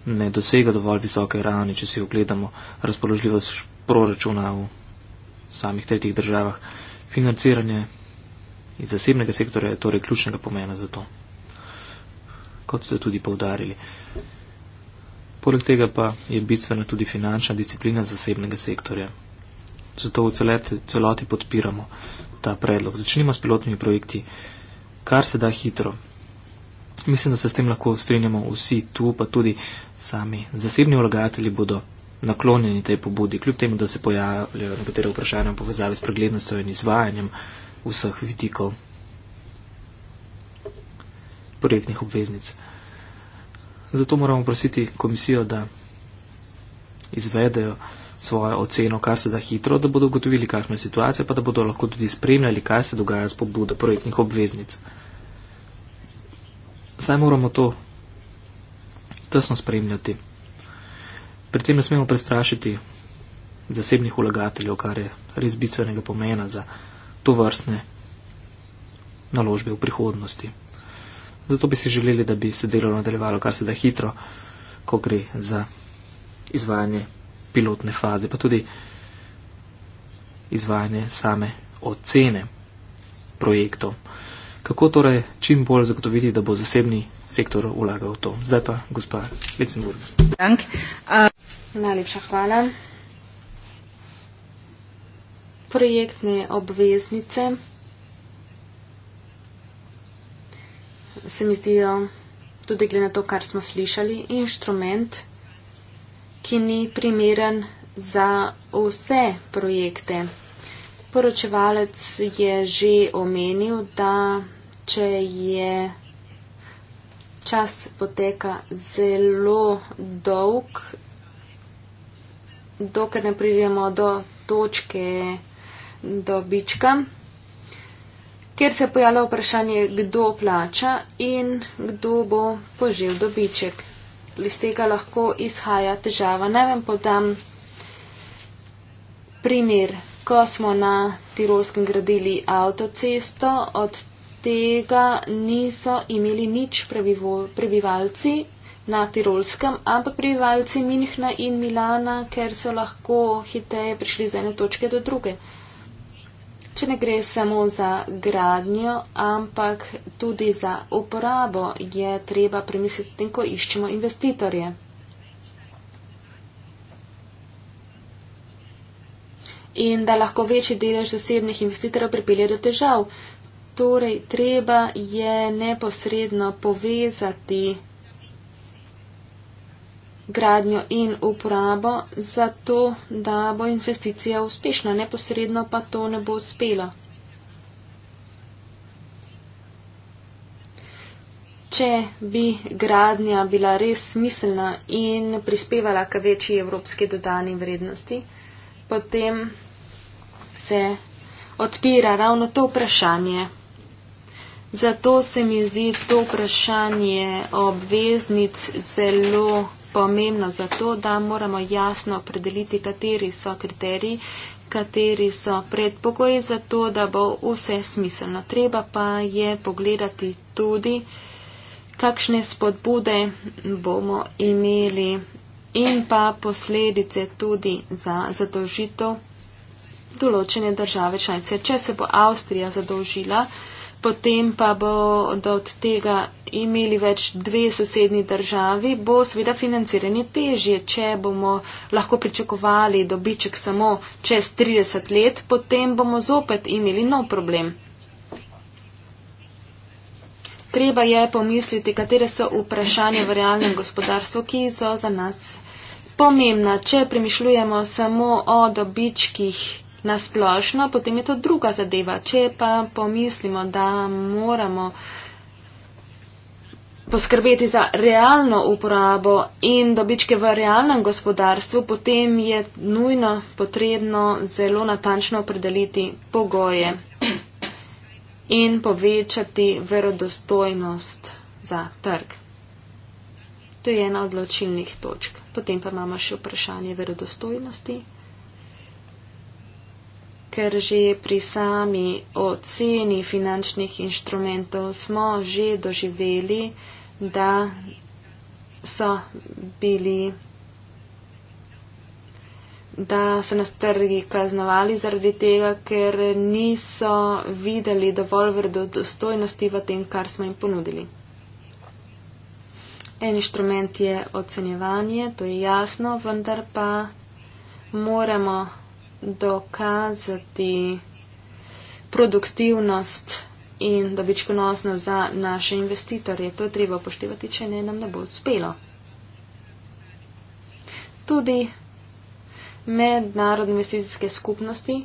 S2: ne dosega dovolj visoke ravni, če si ogledamo razpoložljivost proračuna v samih tretjih državah. Financiranje iz zasebnega sektorja je torej ključnega pomena za to kot ste tudi povdarili. Poleg tega pa je bistvena tudi finančna disciplina zasebnega sektorja. Zato v celoti podpiramo ta predlog. Začnimo s pilotnimi projekti, kar se da hitro. Mislim, da se s tem lahko strinjamo vsi tu, pa tudi sami zasebni vlagatelji bodo naklonjeni tej pobudi, kljub temu, da se pojavljajo nekatere vprašanja v povezavi s preglednostjo in izvajanjem vseh vidikov projektnih obveznic. Zato moramo prositi komisijo, da izvedejo svojo oceno, kar se da hitro, da bodo ugotovili, kakšna je situacija, pa da bodo lahko tudi spremljali, kaj se dogaja s pobudo projektnih obveznic. Saj moramo to tesno spremljati. Pri tem ne smemo prestrašiti zasebnih vlagateljev, kar je res bistvenega pomena za to vrstne naložbe v prihodnosti. Zato bi si želeli, da bi se delo nadaljevalo kar se da hitro, ko gre za izvajanje pilotne faze, pa tudi izvajanje same ocene projektov. Kako torej čim bolj zagotoviti, da bo zasebni sektor vlagal v to? Zdaj pa, gospa Lecimburg.
S1: Najlepša hvala. Projektne obveznice se mi zdi, tudi glede na to, kar smo slišali, inštrument, ki ni primeren za vse projekte. Poročevalec je že omenil, da če je čas poteka zelo dolg, dokler ne pridemo do točke dobička, kjer se je pojavilo vprašanje, kdo plača in kdo bo požil dobiček. Iz tega lahko izhaja težava. Naj vam podam primer, ko smo na Tirolskem gradili avtocesto, od tega niso imeli nič prebivalci na Tirolskem, ampak prebivalci Minhna in Milana, ker so lahko hiteje prišli z ene točke do druge če ne gre samo za gradnjo, ampak tudi za uporabo, je treba premisliti tem, ko iščemo investitorje. In da lahko večji delež zasebnih investitorjev pripelje do težav. Torej, treba je neposredno povezati gradnjo in uporabo, zato da bo investicija uspešna, neposredno pa to ne bo uspela. Če bi gradnja bila res smiselna in prispevala k večji evropski dodani vrednosti, potem se odpira ravno to vprašanje. Zato se mi zdi to vprašanje obveznic zelo pomembno zato, da moramo jasno predeliti, kateri so kriteriji, kateri so predpogoji za to, da bo vse smiselno. Treba pa je pogledati tudi, kakšne spodbude bomo imeli in pa posledice tudi za zadolžitev določene države članice. Če se bo Avstrija zadolžila, potem pa bodo od tega imeli več dve sosednji državi, bo seveda financiranje težje, če bomo lahko pričakovali dobiček samo čez 30 let, potem bomo zopet imeli nov problem. Treba je pomisliti, katere so vprašanja v realnem gospodarstvu, ki so za nas pomembna. Če premišljujemo samo o dobičkih, na splošno, potem je to druga zadeva. Če pa pomislimo, da moramo poskrbeti za realno uporabo in dobičke v realnem gospodarstvu, potem je nujno potrebno zelo natančno opredeliti pogoje in povečati verodostojnost za trg. To je ena odločilnih točk. Potem pa imamo še vprašanje verodostojnosti ker že pri sami oceni finančnih inštrumentov smo že doživeli, da so bili da so nas trgi kaznovali zaradi tega, ker niso videli dovolj vredostojnosti v tem, kar smo jim ponudili. En inštrument je ocenjevanje, to je jasno, vendar pa moramo dokazati produktivnost in dobičkonosno za naše investitorje. To je treba upoštevati, če ne nam ne bo uspelo. Tudi mednarodne investicijske skupnosti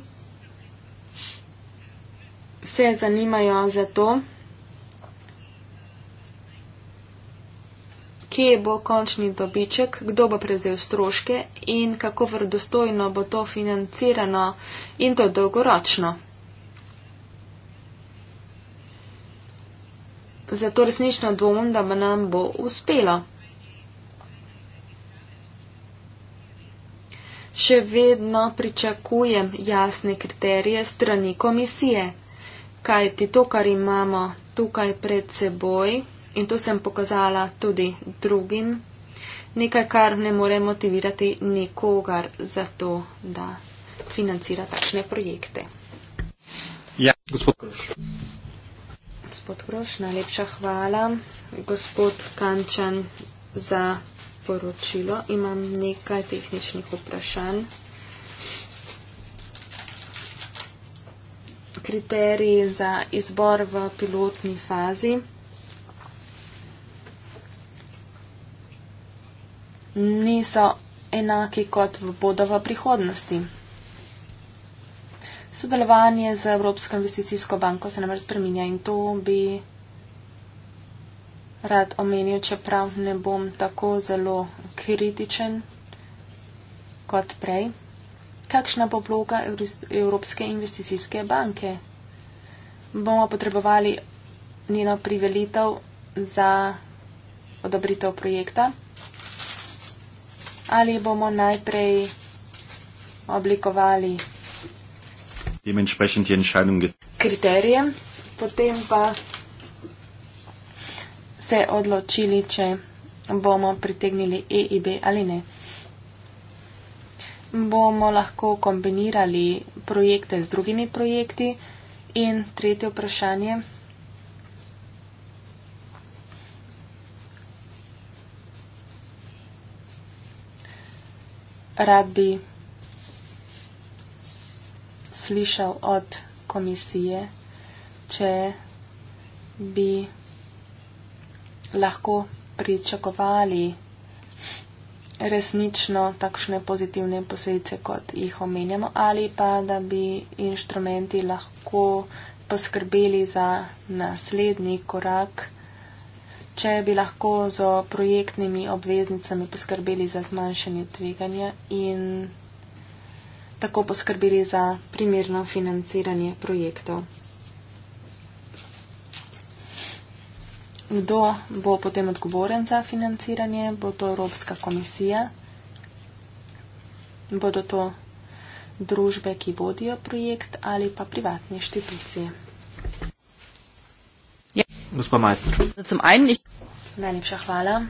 S1: se zanimajo za to, kje bo končni dobiček, kdo bo prevzel stroške in kako vrdostojno bo to financirano in to dolgoročno. Zato resnično dvomim, da bo nam bo uspelo. Še vedno pričakujem jasne kriterije strani komisije, kajti to, kar imamo tukaj pred seboj, in to sem pokazala tudi drugim, nekaj, kar ne more motivirati nikogar za to, da financira takšne projekte.
S2: Ja, gospod Kroš.
S1: Gospod Kroš, najlepša hvala. Gospod Kančan za poročilo. Imam nekaj tehničnih vprašanj. Kriteriji za izbor v pilotni fazi. niso enaki kot bodo v prihodnosti. Sodelovanje z Evropsko investicijsko banko se namreč spreminja in to bi rad omenil, čeprav ne bom tako zelo kritičen kot prej. Kakšna bo vloga Evropske investicijske banke? Bomo potrebovali njeno privelitev za odobritev projekta ali bomo najprej oblikovali kriterije, potem pa se odločili, če bomo pritegnili EIB ali ne. Bomo lahko kombinirali projekte z drugimi projekti in tretje vprašanje. rad bi slišal od komisije, če bi lahko pričakovali resnično takšne pozitivne posledice, kot jih omenjamo, ali pa da bi inštrumenti lahko poskrbeli za naslednji korak če bi lahko z projektnimi obveznicami poskrbeli za zmanjšanje tveganja in tako poskrbeli za primerno financiranje projektov. Kdo bo potem odgovoren za financiranje? Bo to Evropska komisija? Bodo to družbe, ki vodijo projekt ali pa privatne inštitucije?
S2: Ja. Gospod Majstor.
S1: Zum einen, ich. Najlepša hvala.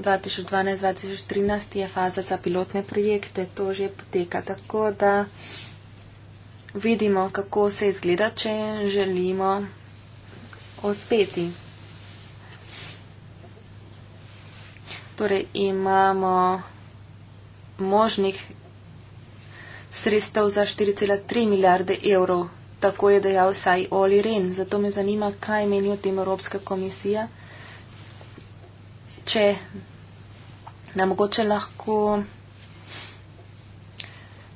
S1: 2012-2013 je faza za pilotne projekte, to že poteka tako, da vidimo, kako se izgleda, če želimo uspeti. Torej imamo možnih sredstev za 4,3 milijarde evrov tako je dejal vsaj Oli Ren. Zato me zanima, kaj meni o tem Evropska komisija. Če nam mogoče lahko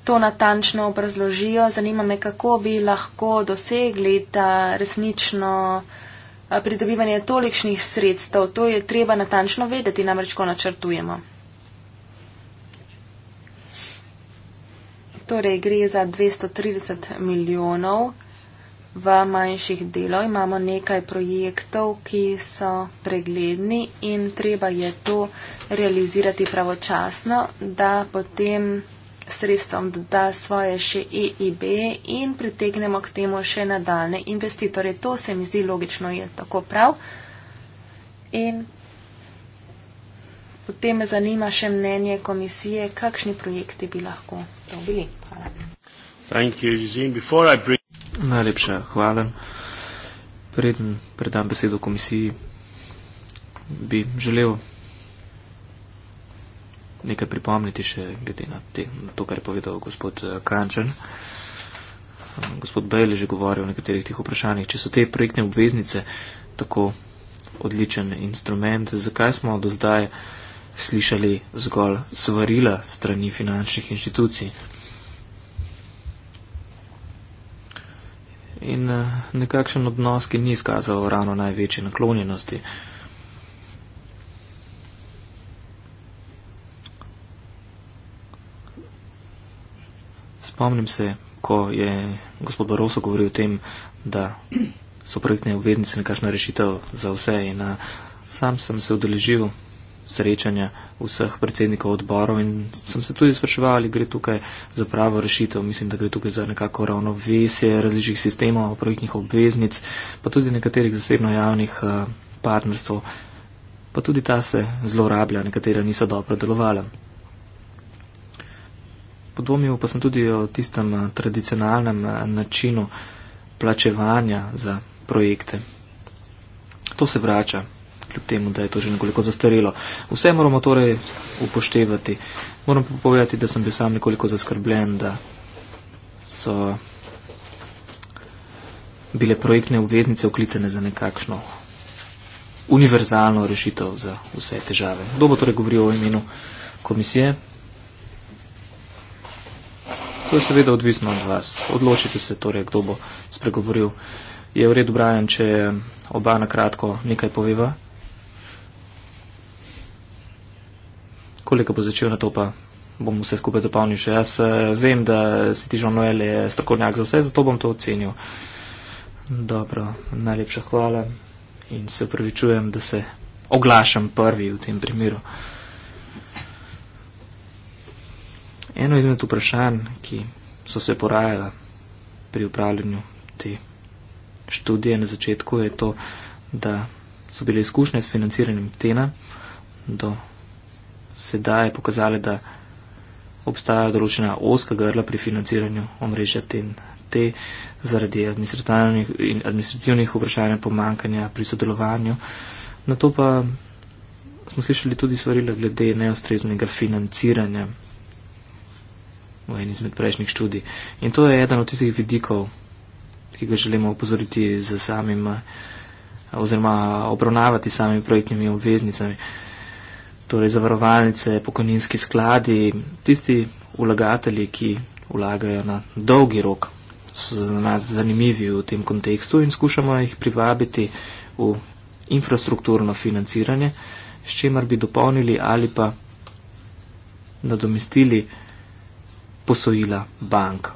S1: to natančno obrazložijo, zanima me, kako bi lahko dosegli ta resnično eh, pridobivanje tolikšnih sredstev. To je treba natančno vedeti, namreč ko načrtujemo. Torej gre za 230 milijonov v manjših delov. Imamo nekaj projektov, ki so pregledni in treba je to realizirati pravočasno, da potem sredstvom doda svoje še EIB in pritegnemo k temu še nadaljne investitore. To se mi zdi logično, je tako prav. In Potem me zanima še mnenje komisije, kakšni projekti bi lahko dobili. Hvala. Bring...
S2: Najlepša hvala. Preden predam besedo komisiji, bi želel nekaj pripomniti še glede na, te, na to, kar je povedal gospod eh, Kančan. Gospod Bejl je že govoril o nekaterih teh vprašanjih. Če so te projektne obveznice tako odličen instrument, zakaj smo do zdaj slišali zgolj svarila strani finančnih inštitucij. In eh, nekakšen odnos, ki ni izkazal ravno največje naklonjenosti. Spomnim se, ko je gospod Baroso govoril o tem, da so projektne obveznice nekakšna rešitev za vse in eh, sam sem se udeležil srečanja vseh predsednikov odborov in sem se tudi spraševal, ali gre tukaj za pravo rešitev. Mislim, da gre tukaj za nekako ravnovesje različnih sistemov, projektnih obveznic, pa tudi nekaterih zasebno-javnih eh, partnerstv, pa tudi ta se zlorablja, nekatera niso dobro delovala. Podvomil pa sem tudi o tistem eh, tradicionalnem eh, načinu plačevanja za projekte. To se vrača kljub temu, da je to že nekoliko zastarelo. Vse moramo torej upoštevati. Moram pa povedati, da sem bil sam nekoliko zaskrbljen, da so bile projektne obveznice vklicene za nekakšno univerzalno rešitev za vse težave. Kdo bo torej govoril o imenu komisije? To je seveda odvisno od vas. Odločite se torej, kdo bo spregovoril. Je v redu, Brian, če oba na kratko nekaj poveva? koliko bo začel na to, pa bom vse skupaj dopolnil še. Jaz eh, vem, da si ti že Noel je strokovnjak za vse, zato bom to ocenil. Dobro, najlepša hvala in se pravičujem, da se oglašam prvi v tem primeru. Eno izmed vprašanj, ki so se porajala pri upravljanju te študije na začetku, je to, da so bile izkušnje s financiranjem tena do sedaj pokazale, da obstajajo določena oska grla pri financiranju omrežja TNT zaradi administrativnih, administrativnih vprašanj pomankanja pri sodelovanju. Na to pa smo slišali tudi svarila glede neostreznega financiranja v eni izmed prejšnjih študij. In to je eden od tistih vidikov, ki ga želimo opozoriti z samim oziroma obravnavati samimi projektnimi obveznicami. Uh, torej zavarovalnice, pokojninski skladi, tisti vlagatelji, ki vlagajo na dolgi rok, so za nas zanimivi v tem kontekstu in skušamo jih privabiti v infrastrukturno financiranje, s čimer bi dopolnili ali pa nadomestili posojila bank.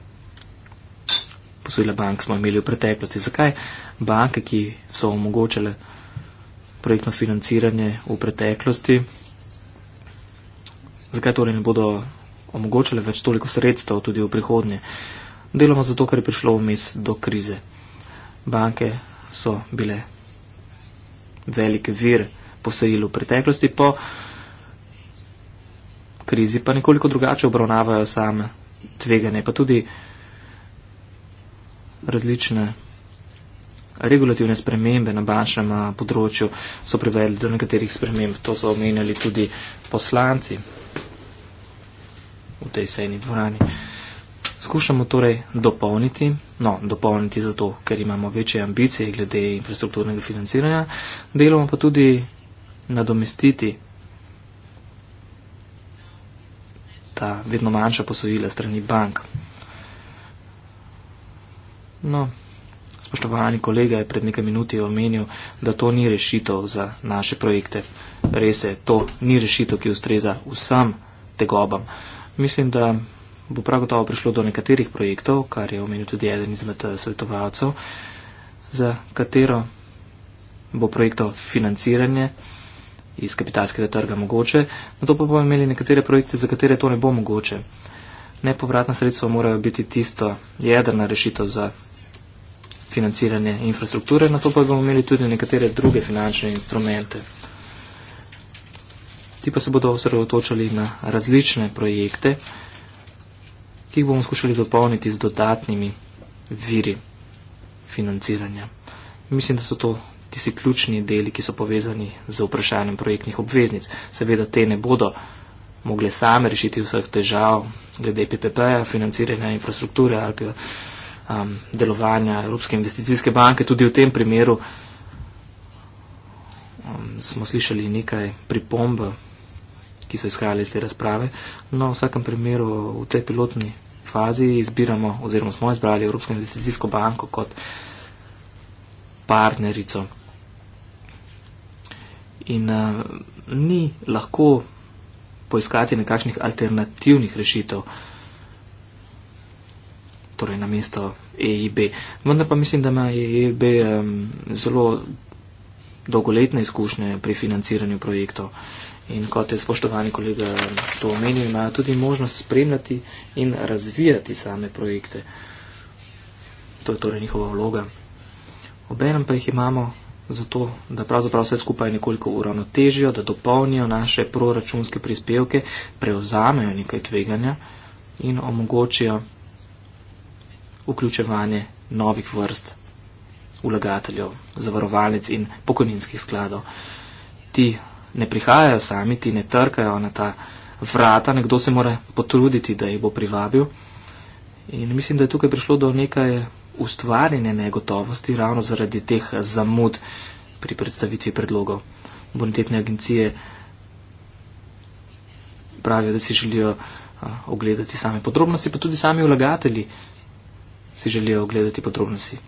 S2: Posojila bank smo imeli v preteklosti. Zakaj banke, ki so omogočale projektno financiranje v preteklosti, za katerimi torej bodo omogočile več toliko sredstev tudi v prihodnje. Deloma zato, ker je prišlo vmes do krize. Banke so bile velik vir posojil v preteklosti, po krizi pa nekoliko drugače obravnavajo same tvegane, pa tudi različne regulativne spremembe na bančnem eh, področju so privedli do nekaterih sprememb. To so omenjali tudi poslanci v tej sejni dvorani. Skušamo torej dopolniti, no, dopolniti zato, ker imamo večje ambicije glede infrastrukturnega financiranja, deloma pa tudi nadomestiti ta vedno manjša posojila strani bank. No, spoštovani kolega je pred nekaj minuti omenil, da to ni rešitev za naše projekte. Res je, to ni rešitev, ki ustreza vsem tegobam. Mislim, da bo prav gotovo prišlo do nekaterih projektov, kar je omenil tudi eden izmed eh, svetovalcev, za katero bo projektov financiranje iz kapitalskega trga mogoče, na to pa bomo imeli nekatere projekte, za katere to ne bo mogoče. Nepovratna sredstva morajo biti tisto jedrna rešitev za financiranje infrastrukture, na to pa bomo imeli tudi nekatere druge finančne instrumente ti pa se bodo osredotočali na različne projekte, ki jih bomo skušali dopolniti z dodatnimi viri financiranja. Mislim, da so to tisti ključni deli, ki so povezani z vprašanjem projektnih obveznic. Seveda te ne bodo mogle same rešiti vseh težav glede PPP-ja, financiranja infrastrukture ali pa um, delovanja Evropske investicijske banke. Tudi v tem primeru um, smo slišali nekaj pripomb ki so izhajali iz te razprave. No, v vsakem primeru v tej pilotni fazi izbiramo oziroma smo izbrali Evropsko investicijsko banko kot partnerico. In uh, ni lahko poiskati nekakšnih alternativnih rešitev, torej na mesto EIB. Vendar pa mislim, da ima EIB um, eh, zelo dolgoletne izkušnje pri financiranju projektov. Uh, In kot je spoštovani kolega to omenil, imajo tudi možnost spremljati in razvijati same projekte. To je torej njihova vloga. Obenem pa jih imamo zato, da pravzaprav vse skupaj nekoliko uravnotežijo, da dopolnijo naše proračunske prispevke, prevzamejo nekaj tveganja in omogočijo vključevanje novih vrst vlagateljev, zavarovalnic in pokojninskih skladov. Ti ne prihajajo sami, ti ne trkajo na ta vrata, nekdo se mora potruditi, da jih bo privabil. In mislim, da je tukaj prišlo do nekaj ustvarjene negotovosti ravno zaradi teh zamud pri predstavitvi predlogov. Bonitetne agencije pravijo, da si želijo ogledati same podrobnosti, pa tudi sami vlagatelji si želijo ogledati podrobnosti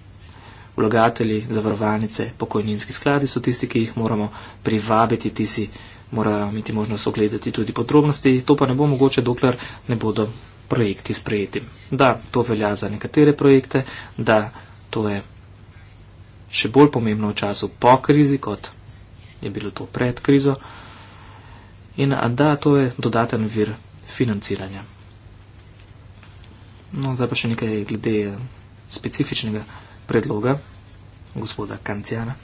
S2: vlagatelji, zavarovalnice, pokojninski skladi so tisti, ki jih moramo privabiti, ti si morajo imeti možnost ogledati tudi podrobnosti. To pa ne bo mogoče, dokler ne bodo projekti sprejeti. Da, to velja za nekatere projekte, da to je še bolj pomembno v času po krizi, kot je bilo to pred krizo. In da, to je dodaten vir financiranja. No, zdaj pa še nekaj glede eh, specifičnega predloga gospoda Kancijana.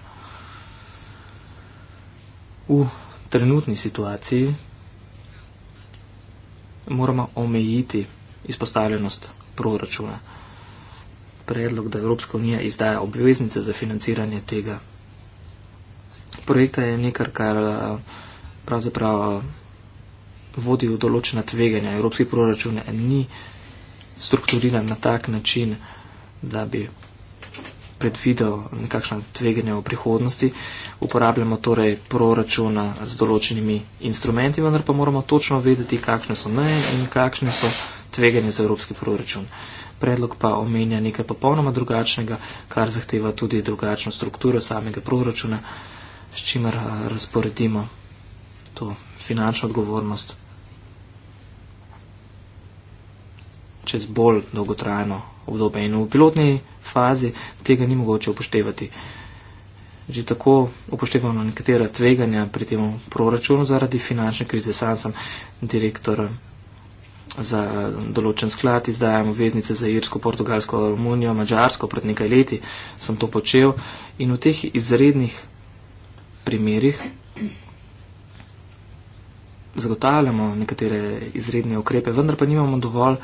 S2: V trenutni situaciji moramo omejiti izpostavljenost proračuna. Predlog, da Evropska unija izdaja obveznice za financiranje tega projekta, je nekaj, kar eh, pravzaprav eh, vodi v določena tveganja. Evropski proračun ni strukturiran na tak način, da bi predvidel nekakšna tveganja v prihodnosti. Uporabljamo torej proračuna z določenimi instrumenti, vendar pa moramo točno vedeti, kakšne so meje in kakšne so tveganje za evropski proračun. Predlog pa omenja nekaj popolnoma drugačnega, kar zahteva tudi drugačno strukturo samega proračuna, s čimer eh, razporedimo to finančno odgovornost čez bolj dolgotrajno obdobje. In v pilotni fazi tega ni mogoče upoštevati. Že tako upoštevamo nekatera tveganja pri tem proračunu zaradi finančne krize. Sam sem direktor eh, za eh, določen sklad, izdajam obveznice za Irsko, Portugalsko, Romunijo, Mačarsko, pred nekaj leti sem to počel in v teh izrednih primerih zagotavljamo nekatere izredne ukrepe, vendar pa nimamo dovolj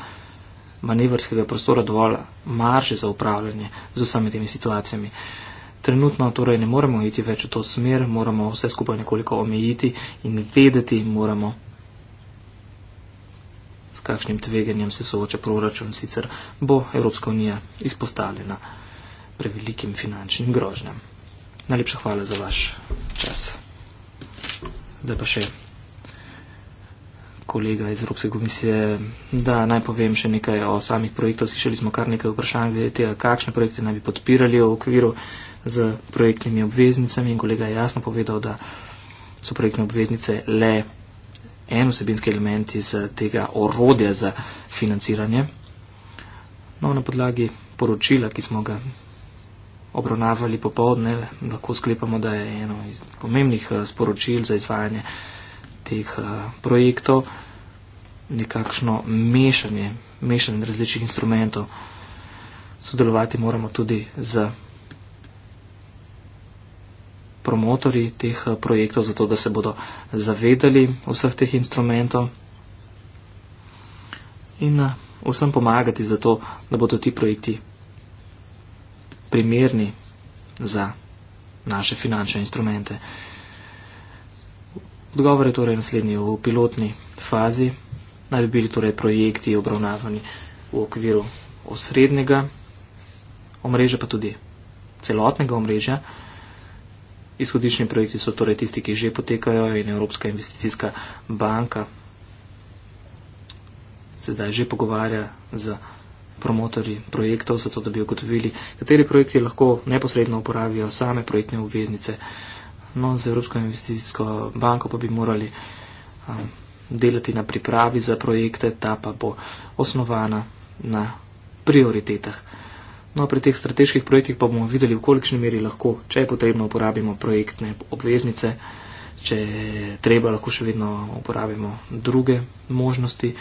S2: manevrskega prostora dovolj marže za upravljanje z vsemi temi situacijami. Trenutno torej ne moremo iti več v to smer, moramo vse skupaj nekoliko omejiti in vedeti moramo, s kakšnim tveganjem se sooča proračun, sicer bo Evropska unija izpostavljena prevelikim finančnim grožnjam. Najlepša hvala za vaš čas. Zdaj pa še kolega iz Evropske komisije, da naj povem še nekaj o samih projektov. Slišali smo kar nekaj vprašanj glede tega, kakšne projekte naj bi podpirali v okviru z projektnimi obveznicami in kolega je jasno povedal, da so projektne obveznice le en vsebinski element iz tega orodja za financiranje. No, na podlagi poročila, ki smo ga obravnavali popovdne, lahko sklepamo, da je eno iz pomembnih eh, sporočil za izvajanje teh uh, projektov, nekakšno mešanje, mešanje različnih instrumentov. Sodelovati moramo tudi z promotori teh uh, projektov, zato da se bodo zavedali vseh teh instrumentov in uh, vsem pomagati za to, da bodo ti projekti primerni za naše finančne instrumente. Odgovor je torej naslednji. V pilotni fazi naj bi bili torej projekti obravnavani v okviru osrednjega omrežja, pa tudi celotnega omrežja. Izhodišnji projekti so torej tisti, ki že potekajo in Evropska investicijska banka se zdaj že pogovarja z promotori projektov, zato da bi ugotovili, kateri projekti lahko neposredno uporabijo same projektne obveznice no, z Evropsko investicijsko banko pa bi morali um, delati na pripravi za projekte, ta pa bo osnovana na prioritetah. No, pri teh strateških projektih pa bomo videli, v kolikšni meri lahko, če je potrebno, uporabimo projektne obveznice, če je treba, lahko še vedno uporabimo druge možnosti.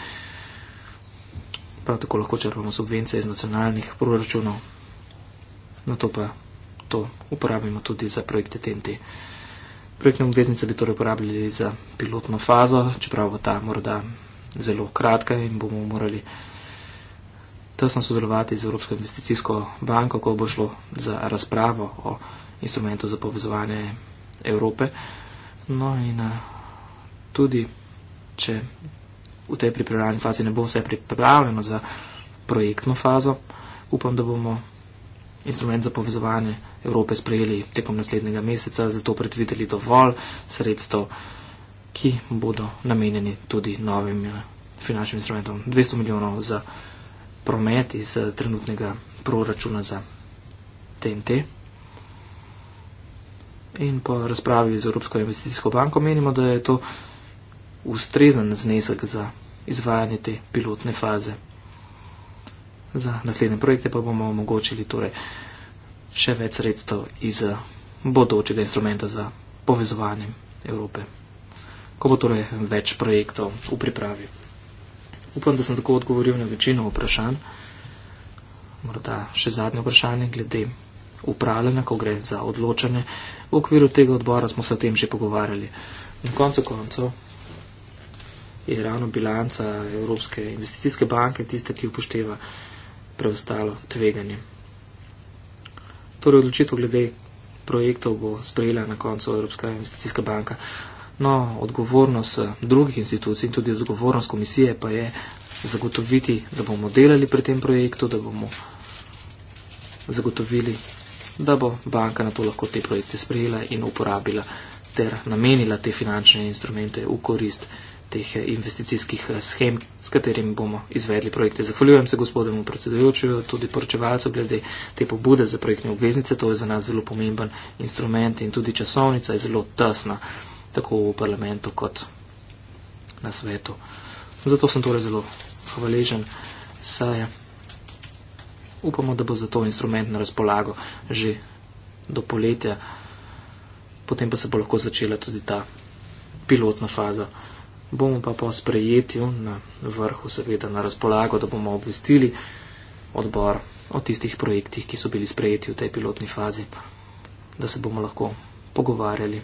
S2: Prav tako lahko črpamo subvencije iz nacionalnih proračunov, na to pa to uporabimo tudi za projekte TNT projektne obveznice bi torej uporabljali za pilotno fazo, čeprav bo ta morda zelo kratka in bomo morali tesno sodelovati z Evropsko investicijsko banko, ko bo šlo za razpravo o instrumentu za povezovanje Evrope. No in eh, tudi, če v tej pripravljeni fazi ne bo vse pripravljeno za projektno fazo, upam, da bomo instrument za povezovanje Evrope Evrope sprejeli tekom naslednjega meseca, zato predvideli dovolj sredstev, ki bodo namenjeni tudi novim eh, finančnim instrumentom. 200 milijonov za promet iz eh, trenutnega proračuna za TNT. In po razpravi z Evropsko investicijsko banko menimo, da je to ustrezen znesek za izvajanje te pilotne faze. Za naslednje projekte pa bomo omogočili torej še več sredstev iz eh, bodočega instrumenta za povezovanje Evrope, ko bo torej več projektov v pripravi. Upam, da sem tako odgovoril na večino vprašanj. Morda še zadnje vprašanje glede upravljanja, ko gre za odločanje. V okviru tega odbora smo se o tem že pogovarjali. Na koncu koncev je ravno bilanca Evropske investicijske banke tista, ki upošteva preostalo tveganje. Torej, odločitev glede projektov bo sprejela na koncu Evropska investicijska banka. No, odgovornost eh, drugih institucij in tudi odgovornost komisije pa je zagotoviti, da bomo delali pri tem projektu, da bomo zagotovili, da bo banka na to lahko te projekte sprejela in uporabila ter namenila te finančne instrumente v korist teh eh, investicijskih eh, schem, s katerimi bomo izvedli projekte. Zahvaljujem se gospodemu predsedujočemu, tudi poročevalcu glede te pobude za projektne obveznice. To je za nas zelo pomemben instrument in tudi časovnica je zelo tesna, tako v parlamentu kot na svetu. Zato sem torej zelo hvaležen, saj upamo, da bo za to instrument na razpolago že do poletja. Potem pa se bo lahko začela tudi ta pilotna faza bomo pa po sprejetju na vrhu seveda na razpolago, da bomo obvestili odbor o tistih projektih, ki so bili sprejeti v tej pilotni fazi, da se bomo lahko pogovarjali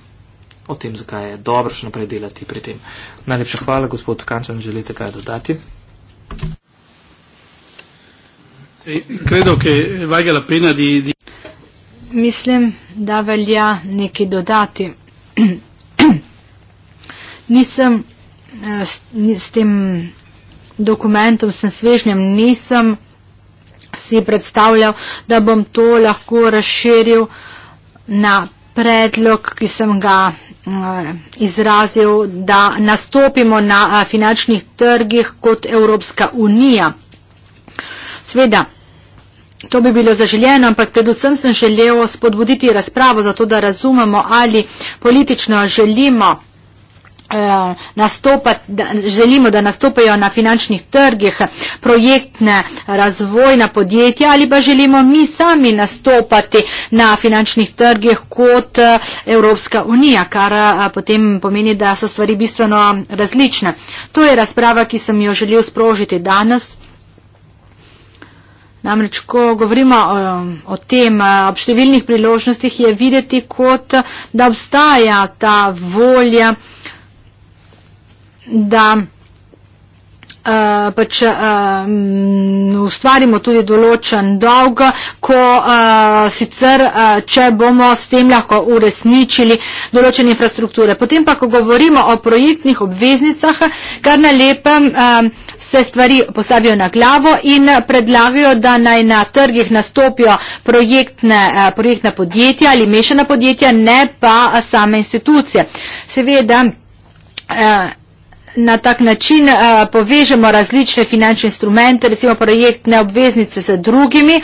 S2: o tem, zakaj je dobro še naprej delati pri tem. Najlepša hvala, gospod Kančan, želite kaj dodati? Credo che valga la pena di, di...
S3: Mislim, da velja nekaj dodati. Nisem Eh, s, s tem dokumentom, s tem svežnjem, nisem si predstavljal, da bom to lahko razširil na predlog, ki sem ga eh, izrazil, da nastopimo na eh, finančnih trgih kot Evropska unija. Sveda, to bi bilo zaželjeno, ampak predvsem sem želel spodbuditi razpravo, zato da razumemo, ali politično želimo Eh, nastopati, želimo, da nastopajo na finančnih trgih projektne razvojna podjetja ali pa želimo mi sami nastopati na finančnih trgih kot eh, Evropska unija, kar eh, potem pomeni, da so stvari bistveno različne. To je razprava, ki sem jo želel sprožiti danes. Namreč, ko govorimo o, o tem, ob številnih priložnostih je videti, kot da obstaja ta volja, da uh, pač uh, ustvarimo tudi določen dolg, ko uh, sicer, uh, če bomo s tem lahko uresničili določene infrastrukture. Potem pa, ko govorimo o projektnih obveznicah, kar na lepem uh, se stvari postavijo na glavo in predlagajo, da naj na trgih nastopijo projektne, uh, projektne podjetja ali mešana podjetja, ne pa same institucije. Seveda, uh, na tak način uh, povežemo različne finančne instrumente, recimo projektne obveznice z drugimi,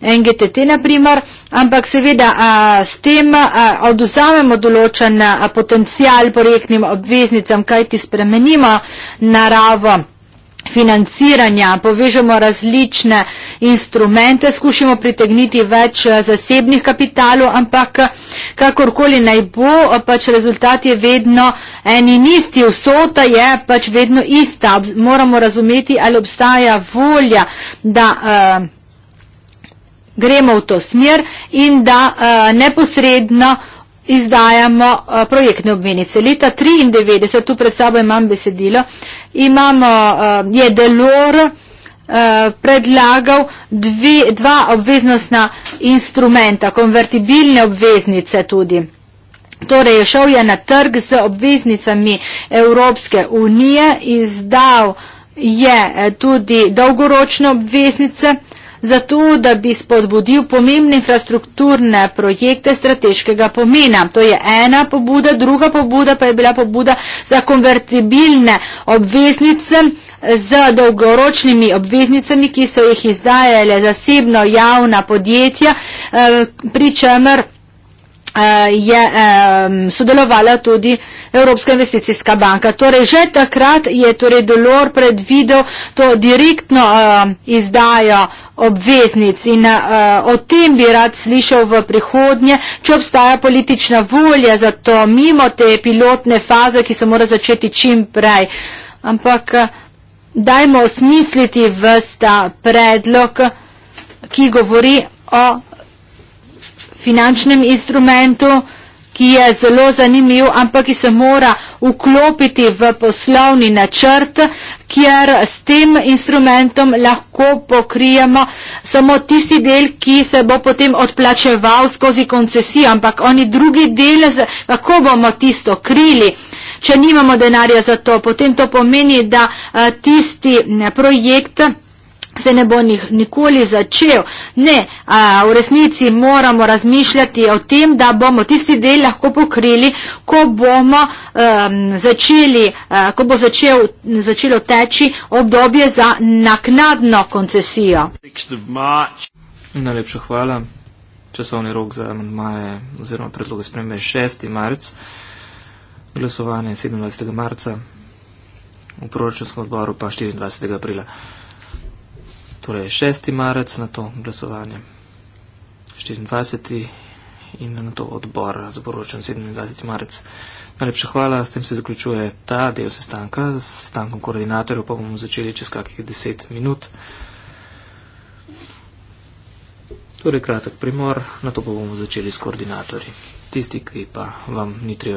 S3: NGTT naprimer, ampak seveda uh, s tem uh, eh, oduzamemo določen uh, potencial projektnim obveznicam, kajti spremenimo naravo financiranja, povežemo različne instrumente, skušamo pritegniti več eh, zasebnih kapitalov, ampak eh, kakorkoli naj bo, eh, pač rezultat je vedno en in isti, vsota je pač vedno ista. Moramo razumeti, ali obstaja volja, da uh, gremo v to smer in da uh, neposredno uh, izdajamo eh, projektne obvenice. Leta 1993, tu pred sabo imam besedilo, imamo, eh, je Delor eh, predlagal dve, dva obveznostna instrumenta, konvertibilne obveznice tudi. Torej, šel je na trg z obveznicami Evropske unije, izdal je tudi dolgoročne obveznice, zato da bi spodbudil pomembne infrastrukturne projekte strateškega pomena. To je ena pobuda, druga pobuda pa je bila pobuda za konvertibilne obveznice z dolgoročnimi obveznicami, ki so jih izdajale zasebno javna podjetja, eh, pri čemer Eh, je um, sodelovala tudi Evropska investicijska banka. Torej, že takrat je torej Dolor predvidel to direktno um, izdajo obveznic in uh, o tem bi rad slišal v prihodnje, če obstaja politična volja za to mimo te pilotne faze, ki se mora začeti čim prej. Ampak eh, dajmo osmisliti vsta predlog, ki govori o finančnem instrumentu, ki je zelo zanimiv, ampak ki se mora vklopiti v poslovni načrt, kjer s tem instrumentom lahko pokrijemo samo tisti del, ki se bo potem odplačeval skozi koncesijo, ampak oni drugi del, kako bomo tisto krili. Če nimamo denarja za to, potem to pomeni, da eh, tisti eh, projekt se ne bo nikoli začel. Ne, a, v resnici moramo razmišljati o tem, da bomo tisti del lahko pokrili, ko, bomo, um, začeli, uh, ko bo začel, začelo teči obdobje za naknadno koncesijo.
S2: Najlepša hvala. Časovni rok za amandmaje oziroma predloge spremembe je 6. marc. Glasovanje je 27. marca, v proračunskem odboru pa 24. aprila torej 6. marec na to glasovanje, 24. in na to odbor za poročen 27. marec. Najlepša hvala, s tem se zaključuje ta del sestanka, s sestankom koordinatorjev pa bomo začeli čez kakih 10 minut. Torej kratek primor, na to pa bomo začeli s koordinatorji. Tisti, ki pa vam ni treba